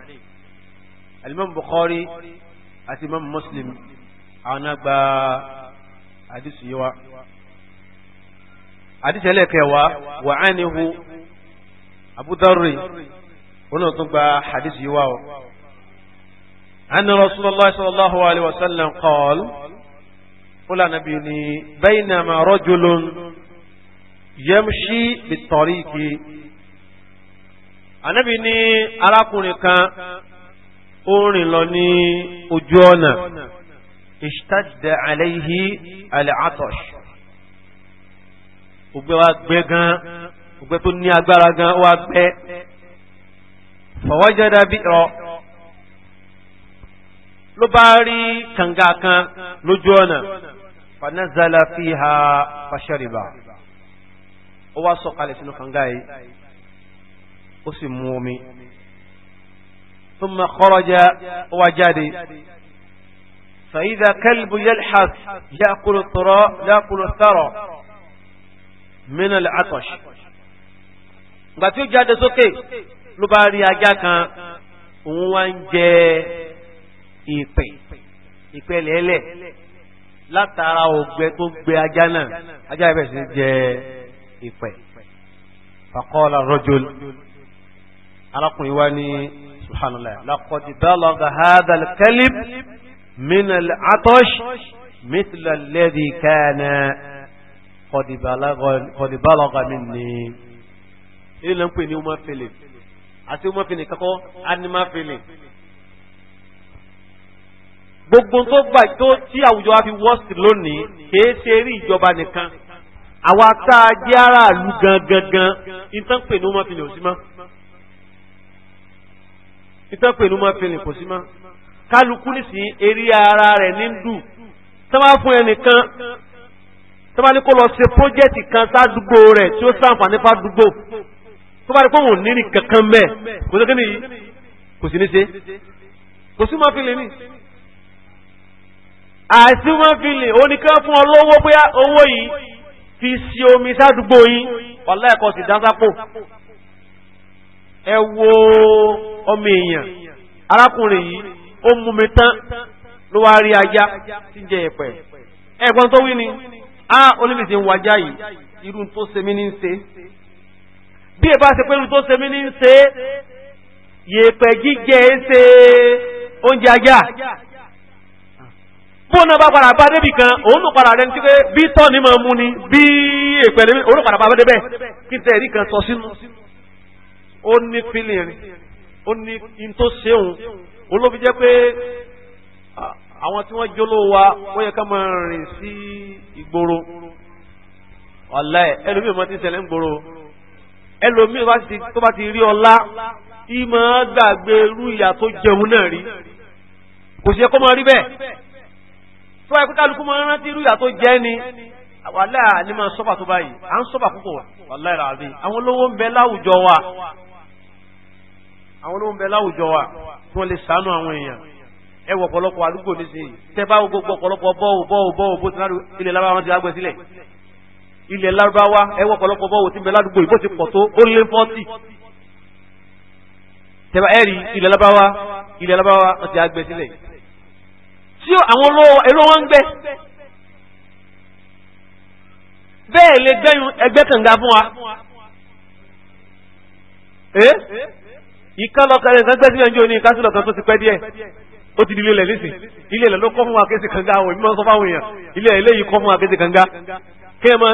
Speaker 1: alimami Bukhari àti imam Muslim àwọn agba àdìsí wa àdìsí ẹlẹ́kẹ̀wá wà á níhu Abu Dharri wọn tún gba àdìsí wa o. أن رسول الله صلى الله عليه وسلم قال قل نبيني بينما رجل يمشي بالطريق النبي ني arákùnrin kan ó rìn lọ ní ojú ọ̀nà ìṣtàjìdà aláìhí alẹ́àtọ̀ṣ ògbẹ́ wa gbẹ́ gan ògbẹ́ tó ní agbára gan wa gbẹ́ fọwọ́jẹ́dá bí ọ ló bá rí kànga kan lójú ọ̀nà fanazala fi ha fashariba ó wá sọ̀kalẹ̀ sínú kànga yìí ó sì mú omi ثم خرج وجد فإذا كلب يلحث يأكل الثراء يأكل الثرى من العطش gbà tí ó jáde sókè ló bá rí ajá kan òun wá ń jẹ ìpè ìpè lẹ́lẹ̀ látara ògbẹ tó gbé ajá náà ajá ibẹ̀ sì jẹ ìpè faqala rajul arákùnrin wá ní سبحان الله لقد بلغ هذا kalb من العطش مثل الذي كان قد بلغ قد بلغ مني minni ilé ń pè ní ọmọ fèlè àti ọmọ fèlè kakọ́ animal fèlè gbogbo tó gbà tó tí àwùjọ wa fi wọ́ọ̀sì lónìí kìí ṣe eré ìjọba nìkan àwa tá a jẹ́ aráàlú gangan gan ìtàn pè ní ọmọ fèlè òsì máa ìtọ́pẹ̀ inú máa fi lè kò sí má kálukú nísìnyí eré ara rẹ̀ ní dù tọ́wá fún ẹnìkan tọ́wá ní kó lọ ṣe pọ́jẹ́tì kan sádùgbò rẹ̀ tí ó sàǹfààní fádùgbò tó bá rí pé òun nínú kankan mẹ́ kò sí kí ni kò sí ní ṣe kò sí máa fi lè ní àìsí máa fi lè oníkan fún ọlọ́wọ́ bóyá owó yìí fi ṣe omi sádùgbò yín ọ̀la ẹ̀kọ́ sì dáńsápò ẹ wo ọmọ èèyàn arákùnrin yìí ó mú mi tán ló wá rí ajá tí ń jẹ ẹ̀pẹ̀ ẹ̀gbọ́n tó wí ni a oníbìsí ń wájá yìí irú tó ṣe mí ní ń ṣe bí ẹ bá ṣe pé irú tó ṣe mí ní ń ṣe yèèpẹ̀ jíjẹ ẹ ṣe oúnjẹ ajá bóun náà bá padà bá débì kan òun ló padà rẹ ní pé bí tọ́ máa mú ni bí èèpẹ̀ lè òun ló padà bá débẹ̀ kí tẹ̀rí kan sọ sínú ó ní feeling ó ní in tó ṣeun olóbi jẹ́ pé àwọn tí wọ́n jóló wa ó yẹ ká máa rìn sí ìgboro ọ̀la ẹ̀ ẹlòmíì máa ti ṣẹlẹ̀ ń gboro ẹlòmíì tó bá ti rí ọlá ìmọ̀ gbàgbé irú ìyà tó jẹun náà rí kò sí ẹkọ́ máa rí bẹ́ẹ̀ tó ẹkú kálukú máa rántí irú ìyà tó jẹ́ ni wàhálà ni máa sọ́bà tó báyìí à ń sọ́bà púpọ̀ wàhálà ìràwé àwọn olówó ń bẹ láwùjọ wa àwọn ló ń bẹ láwùjọ wa tí wọ́n lè sànú àwọn èèyàn ẹ wọ ọ̀pọ̀lọpọ̀ àdúgbò nísìnyí tẹ bá wo gbogbo ọ̀pọ̀lọpọ̀ bọ́ọ̀ bọ́ọ̀ bọ́ọ̀ bó ti ládùú ilẹ̀ lábá wọn ti lágbẹ́ sílẹ̀ ilẹ̀ lárúbáwá ẹ wọ ọ̀pọ̀lọpọ̀ bọ́ọ̀ ti bẹ ládùúgbò ìbò ti pọ̀ tó ó lé fọ́tì tẹ̀bá ẹ̀rí ilẹ̀ lárúbáwá ilẹ̀ lárúbáwá wọn ti lágbẹ́ sílẹ̀ tí àwọn ẹlò wọn ń gbẹ bẹ́ẹ̀ lè gbẹ́yìn ẹgbẹ́ kànga fún wa ìkálọ̀kẹ́rẹ́ nǹkan gbẹ́sí ẹjọ́ ní kásìlọ̀ kan tó ti pẹ́ díẹ̀ ó ti di ilé ilẹ̀ nísìn ilé ilẹ̀ ló kọ́ fún wa kéésì kanga àwọn ìmọ̀ sọ fáwọn èèyàn ilé ilé yìí kọ́ fún wa kéésì kanga kéèmọ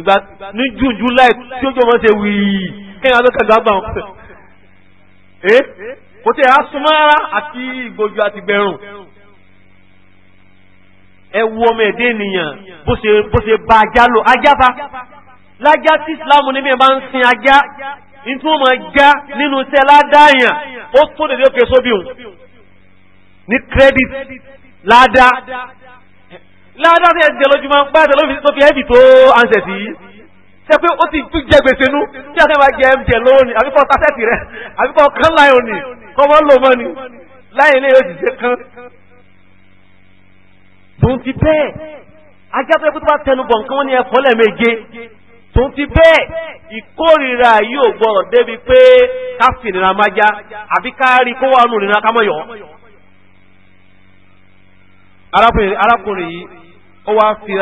Speaker 1: ìgbà ní june july tí ó jọ wọn ṣe wíì kéèyàn ló kàgbà gbà wọn. ee kò tí ẹ á súnmọ́ ara àti ìgbòjú àti gbẹrun ẹ wo ọmọ ẹ̀dẹ́ ènìyàn bó ṣe bá ajá lò ajá bá lájá tí islam ní bí ẹ bá ń sin ajá nítorí wọn máa já nínú iṣẹ́ ládáyàn ó tó dédé òkè sóbì òun ní credit ládá ládá tó yẹ jẹ lójúmọ́ bá tẹ tó fi ẹ́bì tó ansẹ̀ sí ṣe pé ó ti tún jẹ gbèsè nú tí a sẹ́wà jẹ mjẹ lónìí àbíkọ́ tásẹ̀tì rẹ̀ àbíkọ́ kán láì òní kọ́mọ́ lò mọ́ ni láì ilé yóò jìjẹ kán tòun ti bẹ́ẹ̀ ajá tó yẹ kó tó bá tẹnu bọ̀ nǹkan wọn ni ẹ̀fọ́ lẹ́ẹ̀méje tó ti bẹ́ẹ̀ ìkórìíra yìí ò débi pé ká fìnira máa já àbí ká rí kó wà nù arákùnrin yìí fi ń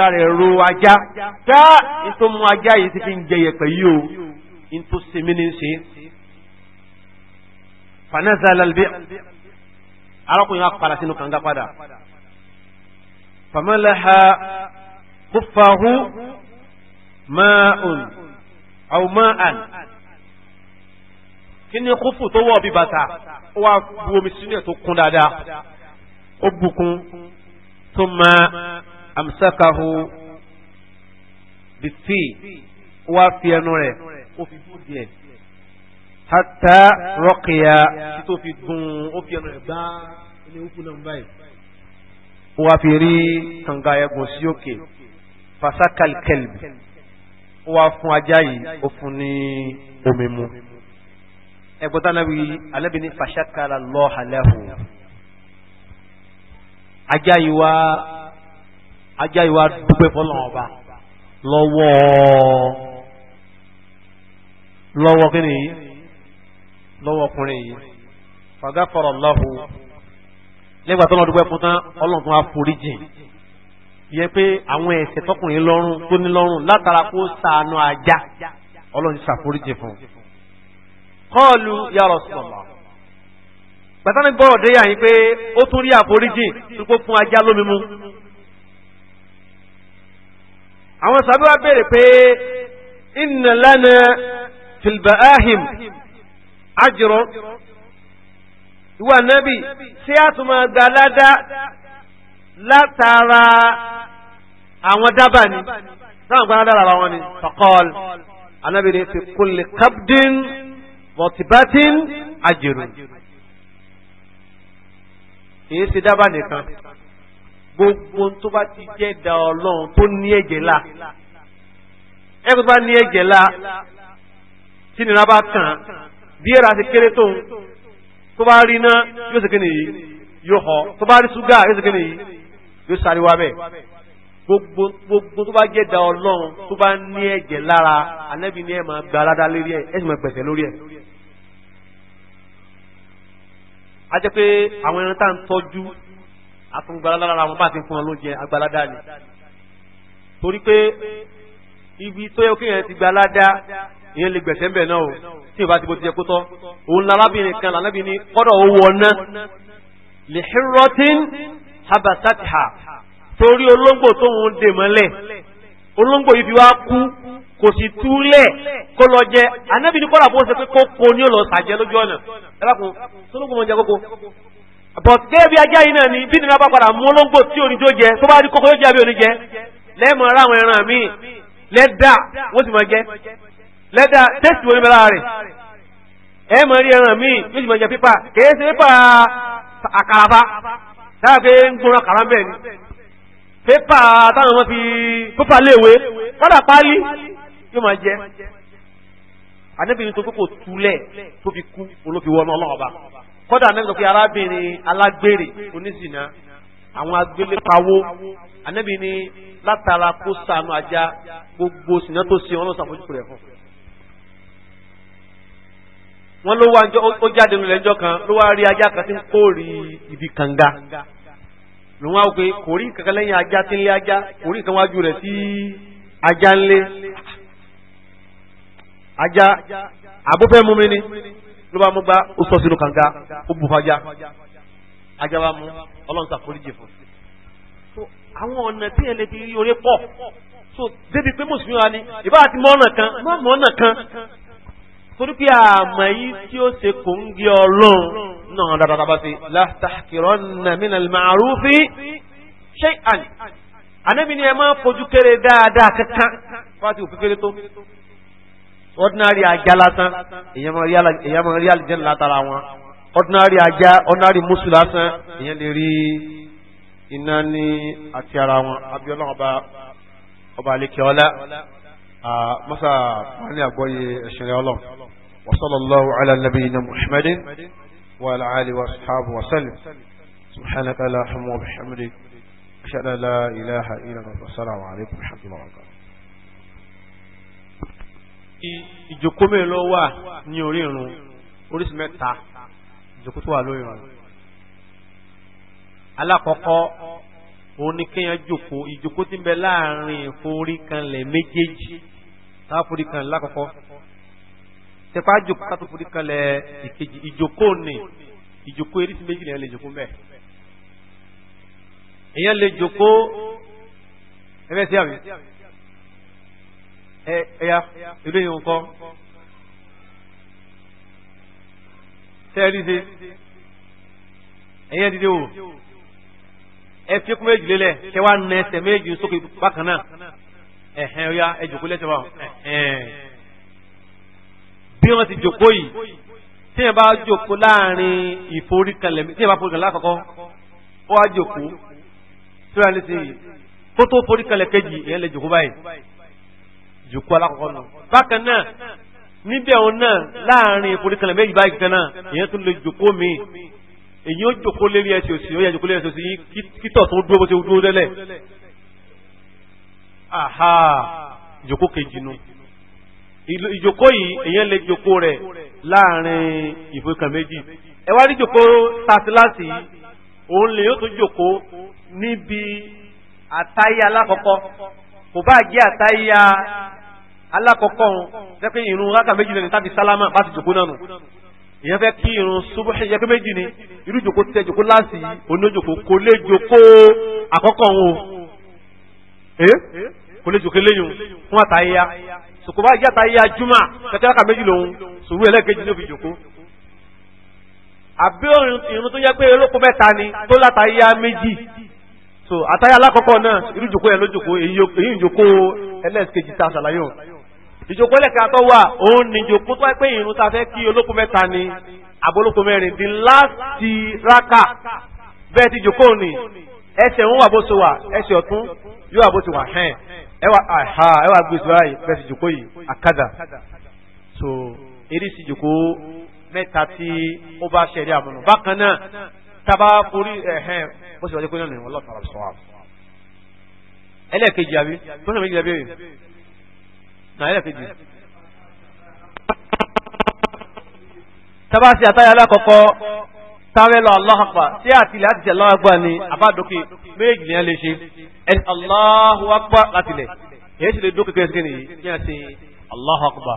Speaker 1: o nítorí sinmi ní ṣe. fanẹ́sà arákùnrin yìí padà máàùn àwọn máàn kí ni kúfù tó wọ̀ bí bàtà ó wá bu omi sínú ẹ̀ tó kún dáadáa ó bukun tó ma amsakahu bìtì ó wá fi ẹnu rẹ̀ ó fi dùn díẹ̀ hata rọ́kìá tí tó fi gun ó fi ẹnu rẹ̀ gbá ilé òkú náà báyìí ó wá fi rí kànga ẹ̀gùn sí òkè fasakal kelbi ó wá fún ajá yìí ó fún ní omi mu ẹgbọ́n tá náà wí alẹ́bí ní fàṣàkàrà lọ́hàlẹ́hù ajá yìí wá ajá yìí wá dúpẹ́ fọlọ́wọ́n ọba lọ́wọ́ lọ́wọ́ kí ni lọ́wọ́ ọkùnrin yìí fàgáfọ̀rọ̀ lọ́hù lẹ́gbàá tó lọ́dúpẹ́ fún tán ọlọ́run tó wá forí jìn. yẹ pé àwọn ẹsẹ tọkùnrin lọ́rùn tó ní lọ́rùn látara kó sànù ajá ọlọrun ṣàforíjì fún un. kọ́ọ̀lù ya Rasulullah gbàtàmí gbọ́rọ̀ dé yàyín pé ó tún rí àforíjì tó fún ajá lómi mu. àwọn sàbí wa béèrè pé inna lana fil ba'ahim ajran ìwà nábì ṣé àtúmọ̀ gbalada látara àwọn dábà ni táwọn gbọ́dọ̀ dára àwọn ni faqal anábìrin fi kulli kabdin mọ̀tìbátìn àjèrò èyí ṣe dábà nìkan gbogbo tó bá ti jẹ́ da ọlọ́run tó ní ẹ̀jẹ̀ la ẹ̀kú tó bá ní ẹ̀jẹ̀ la tí nira bá kàn bí ẹ̀rọ àti kéré tó ń tó bá rí iná yóò ṣe kí nìyí yóò họ tó bá rí ṣúgà yóò ṣe kí nìyí yóò sáré wá bẹ́ẹ̀ gbogbo gbogbo tó bá jẹ́ da ọlọ́run tó bá ní ẹ̀jẹ̀ lára ànábì ní ẹ̀ máa gba aládá lórí ẹ̀ ẹ̀ sì máa gbẹ̀sẹ̀ lórí ẹ̀. a jẹ́ pé àwọn ẹran tá à ń tọ́jú àtúngbàlá lára wọn bá ti fún wọn lóúnjẹ agbáládá ni torí pé ibi tó yẹ kéèyàn ti gbaládá ìyẹn lè gbẹ̀sẹ̀ ńbẹ̀ náà o tí ìbá ti bó ti yẹ kó tọ́ òun lalábìnrin kan làlábìnrin kọ́dọ̀ owó ọ̀nà lè hírọ́tín habasatiha torí olóńgbò tó ń dè mọ́lẹ̀ olóńgbò yìí fi wá kú kò sì túlẹ̀ kó lọ jẹ anábì ní kọ́lá bó ṣe pé kókó ní ọ̀lọ́ sàjẹ́ lójú ọ̀nà ẹlẹ́kùn sólógbò mọ̀ jẹ kókó but gẹ́gẹ́ bí ajá yìí náà ni bí nira bá padà mú olóńgbò tí oníjó jẹ tó bá rí kókó yóò jẹ àbí oníjẹ lẹ́ẹ̀mọ̀ ara àwọn ẹran míì lẹ́dà wọ́n sì mọ̀ jẹ lẹ́dà tẹ́sì wọn bẹ́ẹ̀ rẹ̀ ẹ̀ mọ̀ rí ẹran míì yóò sì mọ̀ jẹ pípà kèé táwọn pé ń gbóná kàrámbẹ̀ ni pépà táwọn wọn fi pépà léèwé kọ́dà pálí yóò máa jẹ anábìrin tó kókò túlẹ̀ tó fi kú olófiwọ́n ọlọ́ọ̀ba kọ́dà anábìrin tó fi arábìnrin alágbèrè oníṣìnà àwọn agbélépawó anábì ni látara kó sànú ajá gbogbo sìnà tó ṣe wọn ló sàmójúkú rẹ fún. wọn ló wá ó jáde nílẹ̀ ẹjọ́ kan ló wá rí ajá kan tí ń kórè ibi kànga ni wọ́n kò rí kankan lẹ́yìn ajá tí ń lé ajá kò rí kan wájú rẹ̀ sí ajá ń lé ajá àbúfẹ́ mú ni ló bá mú gbá ó sọ sínú kànga ó bu ajá bá mú ọlọ́run fún àwọn ọ̀nà tí ti rí orí so débi pé ni kan mọ ọ̀nà kan torí pé àmọ́ yìí tí ó ṣe kò ń gé ọlọ́run náà dáadáa bá ti látàkìrọ́ nàmínà màrúfì ṣé àní ànábì ni ẹ máa fojú kéré dáadáa kankan fáti òfin kéré tó ordinary ajá lásán èèyàn máa rí àlìjẹ́ látara wọn ordinary ajá ordinary mùsùlùmí lásán èèyàn lè rí iná ní àti ara wọn abiola ọba ọba àlekè masa fani àgbọ́yé ẹ̀sìn rẹ̀ ọlọ́run wa sallallahu ala nabiyyina muhammadin wa ala alihi wa sahbihi wa sallam subhanaka allahumma wa bihamdika ashhadu an la ilaha illa anta assalamu alaykum wa rahmatullahi wa barakatuh ìjókòó mélòó ló wà ní orí irun oríṣi mẹ́ta ìjókòó tó wà lórí irun alákọ̀ọ́kọ́ òun ni kéèyàn jókòó ìjókòó tí ń bẹ láàrin ìforí kanlẹ̀ tá a forí kan lákọ̀ọ́kọ́ tẹpá jòkó ká tó forí kan lẹ ìkejì ìjòkó ni ìjòkó eré sí méjì lẹ́yìn lè jòkó mbẹ́ èèyàn lè jòkó ẹgbẹ́ sí àmì ẹ̀yà ìlú yìí nǹkan tẹ́ẹ̀rí ṣe ẹ̀yàn dídé wò ẹ fi kún méjì lélẹ̀ kẹwàá nà ẹsẹ̀ méjì sókè bákan náà ẹ̀hẹ́n ọ̀yá ẹ jòkó lẹ́sẹ̀ wa ẹ̀hẹ́n bí wọ́n ti jòkó yìí tí yẹn bá jòkó láàrin ìforíkanlẹ̀ tí yẹn bá foríkanlẹ̀ lákọ̀ọ́kọ́ ó wá jòkó tí wọ́n á lè ṣe yìí kó tó foríkanlẹ̀ kejì ìyẹn lè jòkó báyìí jòkó alákọ̀ọ́kọ́ nù bákan náà níbẹ̀ òun náà láàrin ìforíkanlẹ̀ méjì báyìí kan náà ìyẹn tún lè jòkó míì èyí ó jòkó lérí aha ìjòkó kejì nu ìjòkó yìí èyàn lè jòkó rẹ̀ láàrin ìfowópamọ́ méjì ẹ wá rí jòkó tàṣíláṣì òun lè yóò tó jòkó níbi àtáyà alákọ̀ọ́kọ́ kò bá jẹ́ àtáyà alákọ̀ọ́kọ́ òun jẹ́ pé ìrun rákà méjì lẹ́ni tàbí sálámà bá ti jòkó náà nù èyàn fẹ́ kí ìrun súbọ̀ ẹ̀yẹ pé méjì ni irú jòkó tẹ jòkó láṣì oníjòkó kò lè jòkó àkọ́kọ́ òun kò lè sòkè léyìn fún àtàyà sòkòbá jẹ́ àtàyà júmà kẹtẹ́ráka méjì lòun sòwú ẹlẹ́ẹ̀kejì ló fi jòkó àbí irun tó yẹ pé olóko mẹ́ta ni tó látàyà méjì so àtàyà alákọ̀ọ́kọ́ náà irú jòkó yẹn ló jòkó èyí jòkó ẹlẹ́ẹ̀kejì tá ṣàlàyé o ìjòkó lẹ́ka tó wà òun ni jòkó tó pé irun ta fẹ́ kí olóko mẹ́ta ni àbólóko mẹ́rin di láti ráka bẹ́ẹ̀ ti jòkó ni ẹsẹ̀ òun wà bó so wà ẹsẹ̀ ọ̀tún yóò wà bó ti wà hẹ́n ẹwà àhà ẹwà gbèsè báyìí bẹ́ẹ̀ sì jòkó yìí àkàdà so eré sì jòkó mẹ́ta tí ó bá ṣẹ̀rí àmúnú bákan náà tábà forí ẹ̀hẹ́n bó ṣe wájú pé nínú ìwọ̀n lọ́tàrà sọ wà. ẹlẹ́ẹ̀kejì àbí tó ṣe méjì lẹ́bẹ̀rẹ̀ náà ẹlẹ́ẹ̀kejì. taba sí àtàyà alákọ̀ọ́kọ́ sáré lọ aláhàpá tí àtìlẹ̀ àti aláhàpá ni àbádókè méjì ní a lè ṣe ẹni aláhàpá látilẹ̀ èyí sì lè dókè kẹsì kí nìyí kí a ṣe aláhàpá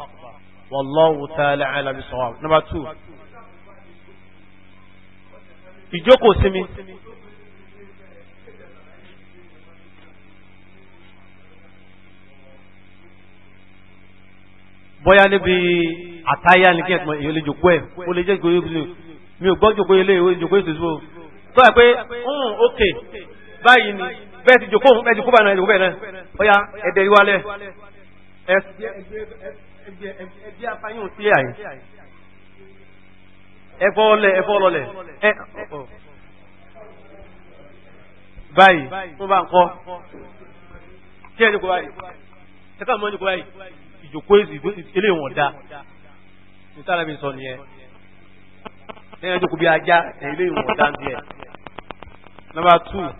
Speaker 1: wallahu ta'ala alam sawab number two ìjókòó sinmi bóyá níbi àtáyá ní kí ẹ̀kọ́ èyí ó lè jòkó ẹ̀ ó lè jẹ́ ìgbòho mi ò gbọ́ jòkó ilé ìwé jòkó ìsèso tó yà pé ń hmm, òkè báyìí ni bẹ́ẹ̀ ti jòkó bẹ́ẹ̀ ti kó báyìí náà jòkó bẹ́ẹ̀ náà ó yá ẹ̀dẹ̀ rí wálẹ̀ ẹbí afáyún sí àyè
Speaker 2: ẹfọ́ ọlẹ̀ ẹfọ́ ọlọ́lẹ̀ ẹ
Speaker 1: báyìí tó bá ń kọ́ kí ẹ jòkó báyìí ẹ̀ka mọ́ jòkó báyìí ìjòkó èsì eléwọ̀n dá nítorí àbí sọ nìyẹn ẹ̀yìn ẹjọ́ kò bí ajá ẹ̀yìn lè wọ̀n dáńtì ẹ̀. number two.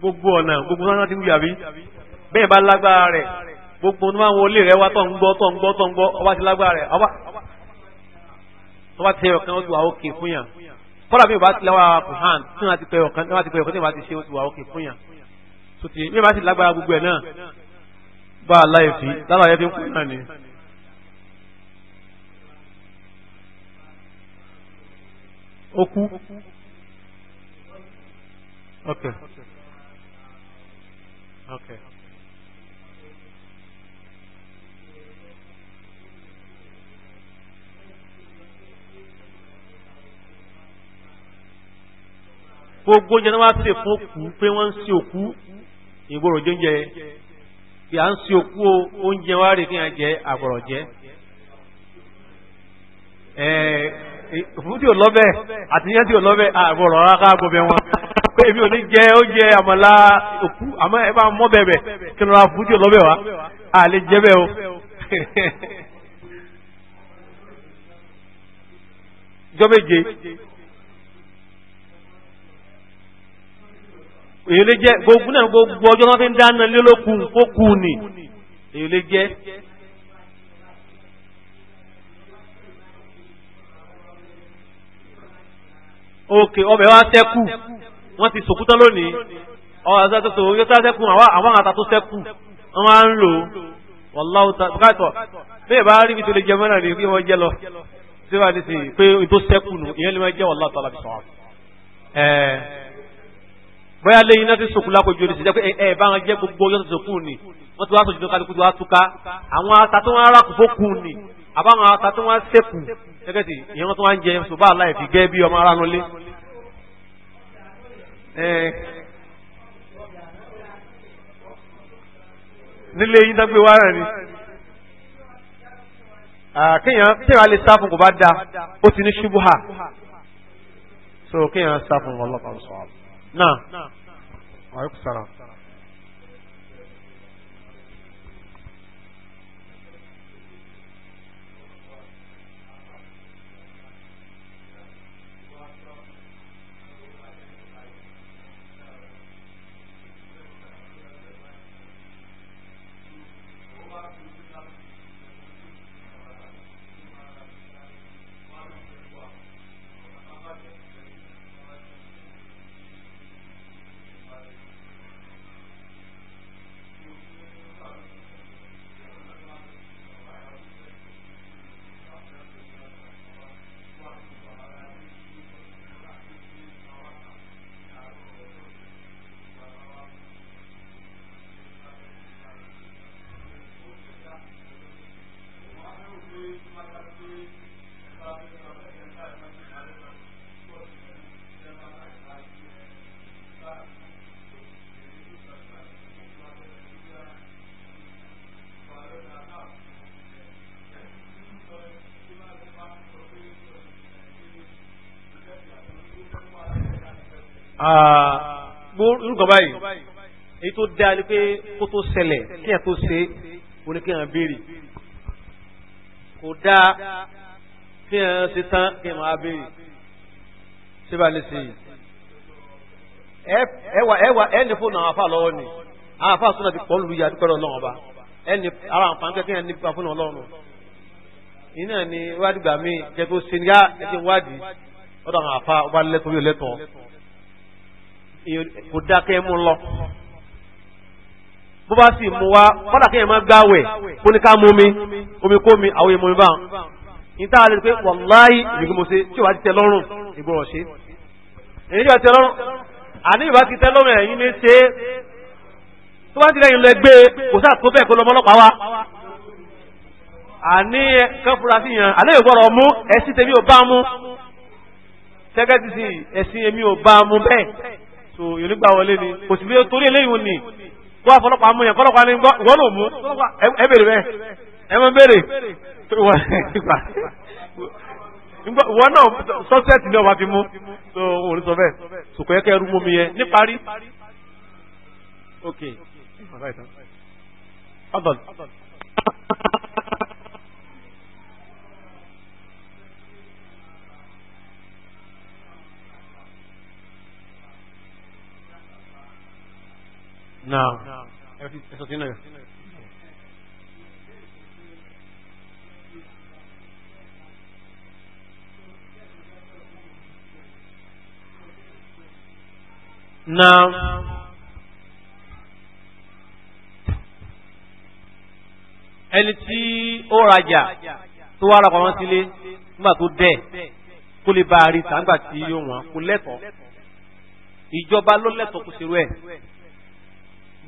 Speaker 1: gbogbo ọ̀nà gbogbo ọ̀nà ti ń gbé àbí bẹ́ẹ̀ bá lágbára rẹ̀ gbogbo ọ̀nà àwọn olè rẹ̀ wá tó ń gbọ́ tó ń gbọ́ tó ń gbọ́ ọba ti lágbára rẹ̀ ọba ti ẹ̀yọ̀ kan ó ti wà ókè fún yàn kọ́lá mi ò bá ti láwa kùhán tí wọ́n ti pẹ́ ọ̀kan tí wọ́n ti pẹ́ ọ̀kan tí wọ́n ti ṣe oṣù wa òkè fún yàn tó ti mi ò bá ti lágbára gbogbo ẹ̀ náà bá a láyè fi lára ẹ̀ fi ń kú náà ni.
Speaker 2: ó kú ok ok.
Speaker 1: gbogbo oúnjẹ náà wá sè fún òkú pé wọ́n ń sin òkú ìgboro o oúnjẹ wa rè kéèyàn jẹ àgbọ̀rọ̀ jẹ. òfin tí tí ara ká wọn pé èmi ò ní jẹ oúnjẹ òkú ẹ bá kí ló wa a lè jẹ o. [LAUGHS] èyí lè jẹ́ gbogbo náà gbogbo ọjọ́ wọn fi ń dáná lé lókun ó kú ni èyí lè jẹ́. òkè ọbẹ̀ wa sẹ́kù wọ́n ti sòkútọ́ lónìí ọ̀rọ̀ àti àtúntò yóò tá sẹ́kù àwọn àtà tó sẹ́kù wọ́n máa ń lò ó wọ́láwó ta káàtọ̀ bẹ́ẹ̀ bá rí ibi tó lè jẹ mọ́nà ni kí wọ́n jẹ lọ síwájú sí pé ètò sẹ́kù nù ìyẹn lè máa jẹ́ wọ́láwó ta lábìsọ̀ ẹ̀ bóyá lẹ́yìn náà ti sòkú lákòjú oníṣẹ́ jẹ́ pé ẹ bá wọn jẹ́ gbogbo yóò ti sòkú ni wọ́n ti wá sòjú ní kálukú ti wá túká àwọn ata tó wọn ara kò fókù ni àbáwọn ata tó wọn sẹ́kù gẹ́gẹ́ tí ìyẹn tó wọn jẹ ṣùgbọ́n aláì fi gẹ́ bí ọmọ ara nu lé. nílé yín dágbé wá rẹ̀ ni kéèyàn kéèyàn lè sá fún kò bá da ó ti ní ṣubú ha so kéèyàn sá fún ọlọ́pàá sọ̀rọ̀ náà. wàhálà kùsàrà. nǹkan báyìí èyí tó dáa ni pé kó tó ṣẹlẹ̀ kí ẹ̀ tó ṣe oníkéèyàn béèrè kò dáa kí ẹ̀ ṣe tán kí ẹ̀ máa béèrè ṣé bá lè ṣe yìí ẹwà ẹwà ẹni fóònù àwọn afa lọ́wọ́ ni àwọn afa sọ́nà ti pọ̀ lù yà dúpẹ́ lọ́wọ́ ọba ẹni ara àǹfààní kẹ́kẹ́ yẹn nípa fóònù ọlọ́run iná ni wádìí gbà mí kẹ́kẹ́ ó ṣe ní yá ẹ̀jẹ̀ wádìí ọ̀dọ̀ àwọn afa ọba lẹ́tọ̀ọ́ yóò lẹ́tọ̀ọ́ kò dákẹ́ mú lọ bó bá sì mú wá kọ́dà kí ẹ̀ máa gbáwẹ̀ kó ní ká mú mi omi kó mi àwọn èèmọ̀ ìbá ìta lè pé wàláyé ìgbìgbì mo ṣe tí ò bá ti tẹ lọ́rùn ìgbọ̀rọ̀ ṣe èyí tí ò bá ti tẹ lọ́rùn àní ìbá ti tẹ lọ́rùn ẹ̀yìn ní ṣe tó bá ti lẹ́yìn lọ gbé kò sáà tó bẹ́ẹ̀ kó lọ mọ́lọ́pàá wa àní kan fura sí yẹn àlẹ́ ìgbọ̀rọ̀ mú ẹ̀sìn tèmi ò bá mú tẹ́gẹ́ so yóò nígbà wọlé ni kò sì lè torí eléyìí wọn ni kó àfọlọ́pàá mú yẹn kọ́lọ́pàá ní gbọ́ ìwọ́n ò mú ẹ bèrè bẹ́ẹ̀ ẹ mọ bèrè ìwọ́n náà sọ́sẹ́ẹ̀tì náà wà fi mú so òun sọ bẹ́ẹ̀ sòkò yẹ kẹ́ rú mú mi yẹn níparí. ok. Fadal.
Speaker 2: Naam. Eso tiene.
Speaker 1: Naam. Ẹni tí ó rajà tó wá ra pamọ́ sílé nígbà tó dẹ̀ kó lè bá a rí tàǹgbà tí yóò wọ́n kó lẹ́tọ̀ọ́. Ìjọba ló lẹ́tọ̀ọ́ kó ṣerú ẹ̀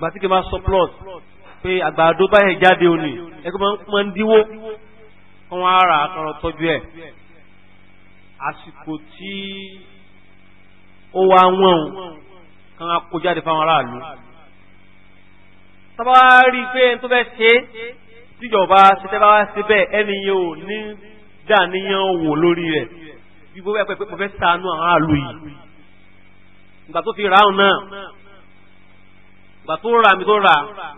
Speaker 1: gbàtí kì í máa surplus pé àgbàdo báyìí jáde òní ẹgbẹ́ máa ń pọ́n dínwó kí wọ́n á rà àtọ̀rọ̀ tọ́jú ẹ̀ àsìkò tí ó wá wọ́n kan á kó jáde fáwọn aráàlú tọ́ba rí i pé ẹni tó fẹ́ ṣe é tíjọba ṣetẹ́bá wá síbẹ̀ ẹni yẹn ò ní dàníyàn wò lórí rẹ̀ bí gbogbo ẹ̀ mo fẹ́ ṣàánú àwọn àlù yìí ìgbà tó fi ràún náà gbà tó ra mi tó ra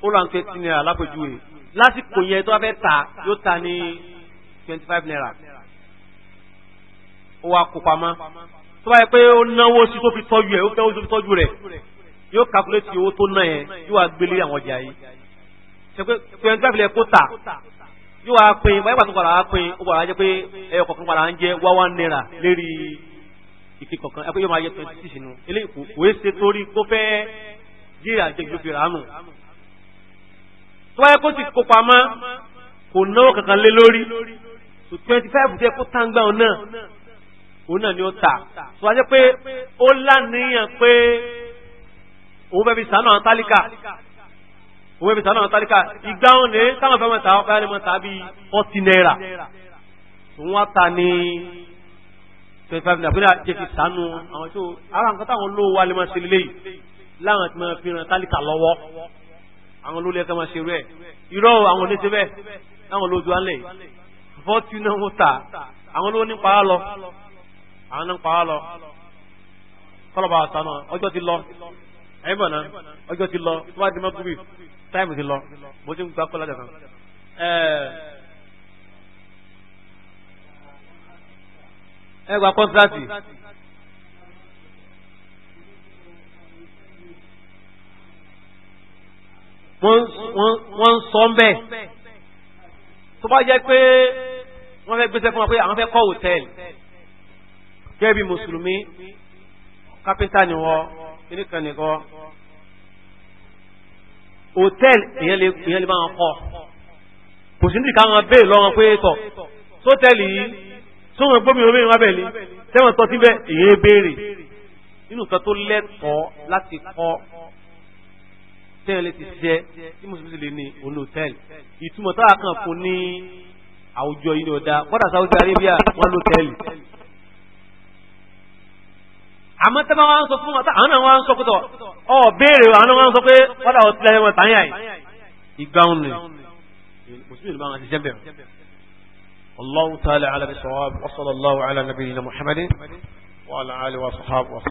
Speaker 1: ó ra twenty naira lápèjúwe lásìkò yẹn tó bá fẹ́ ta yóò ta ní twenty five naira ó wá kó pamọ́ tó bá yẹ pé ó náwó sí tó fi tọ́jú ẹ̀ ó náwó sí tó fi tọ́jú rẹ̀ yóò calculate owó tó ná yẹn yóò wá gbélé àwọn ọjà yìí ṣe pé twenty five naira kó ta yóò wá pín báyìí pàtó padà wá pín ó padà wá jẹ́ pé ẹyọ kọ̀ọ̀kan padà ń jẹ́ wá naira lérí ìpín ẹ pé yóò máa yẹ twenty six nù eléyìí kò é ṣe torí kó fẹ́ nàìjíríà jẹ́ ìlú fìràánù tó wáyé kó ti kó pamọ́ kò náwó kankan lé lórí so twenty five tẹ́ kó táǹgbà òun náà òun náà ni ó tà so wáyé pé ó lánìyàn pé òun fẹ́ fi sànù àwọn tálíkà òun fẹ́ fi sànù àwọn tálíkà ìgbà òun ní táwọn fẹ́ mọ̀ tà ọ́ fẹ́ lè mọ̀ tà bí forty naira òun wá ta ní twenty five naira pé ní àjẹsí sànù àwọn tó ara nǹkan táwọn lówó wa máa ṣe lélẹ́yìí. láwọn tí wọ́n fi ràn tálíkà lọ́wọ́ àwọn olólè ẹ̀ka máa ṣe rẹ̀ irọ́ àwọn olóṣè bẹ́ẹ̀ láwọn olójú alẹ́ fọ́tí náà wọ́n ta àwọn olówó ní pàá lọ àwọn lọ ọjọ ti lọ bọ̀ náà ti lọ tó bá di táìmù ti lọ ti ń ẹ gba kọ́ńtíráàtì wọ́n ń sọ ń bẹ̀ tó bá jẹ́ pé wọ́n fẹ́ gbéṣẹ́ fún wa pé àwọn fẹ́ kọ́ hòtẹ́ẹ̀lì gẹ́gẹ́ bí mùsùlùmí kápẹ́ntà ni wọ́n kíníkan nìkan hòtẹ́ẹ̀lì èèyàn lè èèyàn lè máa kọ́ kò sí nìkan àwọn béèrè lọ́wọ́ pé tọ̀ sótẹ́ẹ̀lì yìí sóhun gbómìnira obìnrin wa bẹ̀lì tẹ́wọ̀n tọ́ síbẹ̀ èèyàn béèrè nínú nǹkan tó lẹ́tọ̀ọ́ láti kọ́ tẹ́yìn lè ti ṣiṣẹ́ tí mùsùlùmí lè ní òun hòtẹ́ẹ̀lì ìtumọ̀ táwa kan fún ní àwùjọ yìí ni ọ̀dà kọ́dà Saudi Arabia wọ́n ló tẹ́lì àmọ́ tẹ́ bá wá ń sọ fún wọn àwọn náà wá ń sọ pé ọ béèrè àwọn náà wá ń sọ pé kọ́dà ọ̀tẹ́lẹ̀ wọn tàn yà yìí ìgbà òun ni mùsùlùmí lè máa ń ṣiṣẹ́ bẹ̀rẹ̀. Allahu ta'ala ala bisawab wa sallallahu ala nabiyyina Muhammadin wa ala alihi wa sahbihi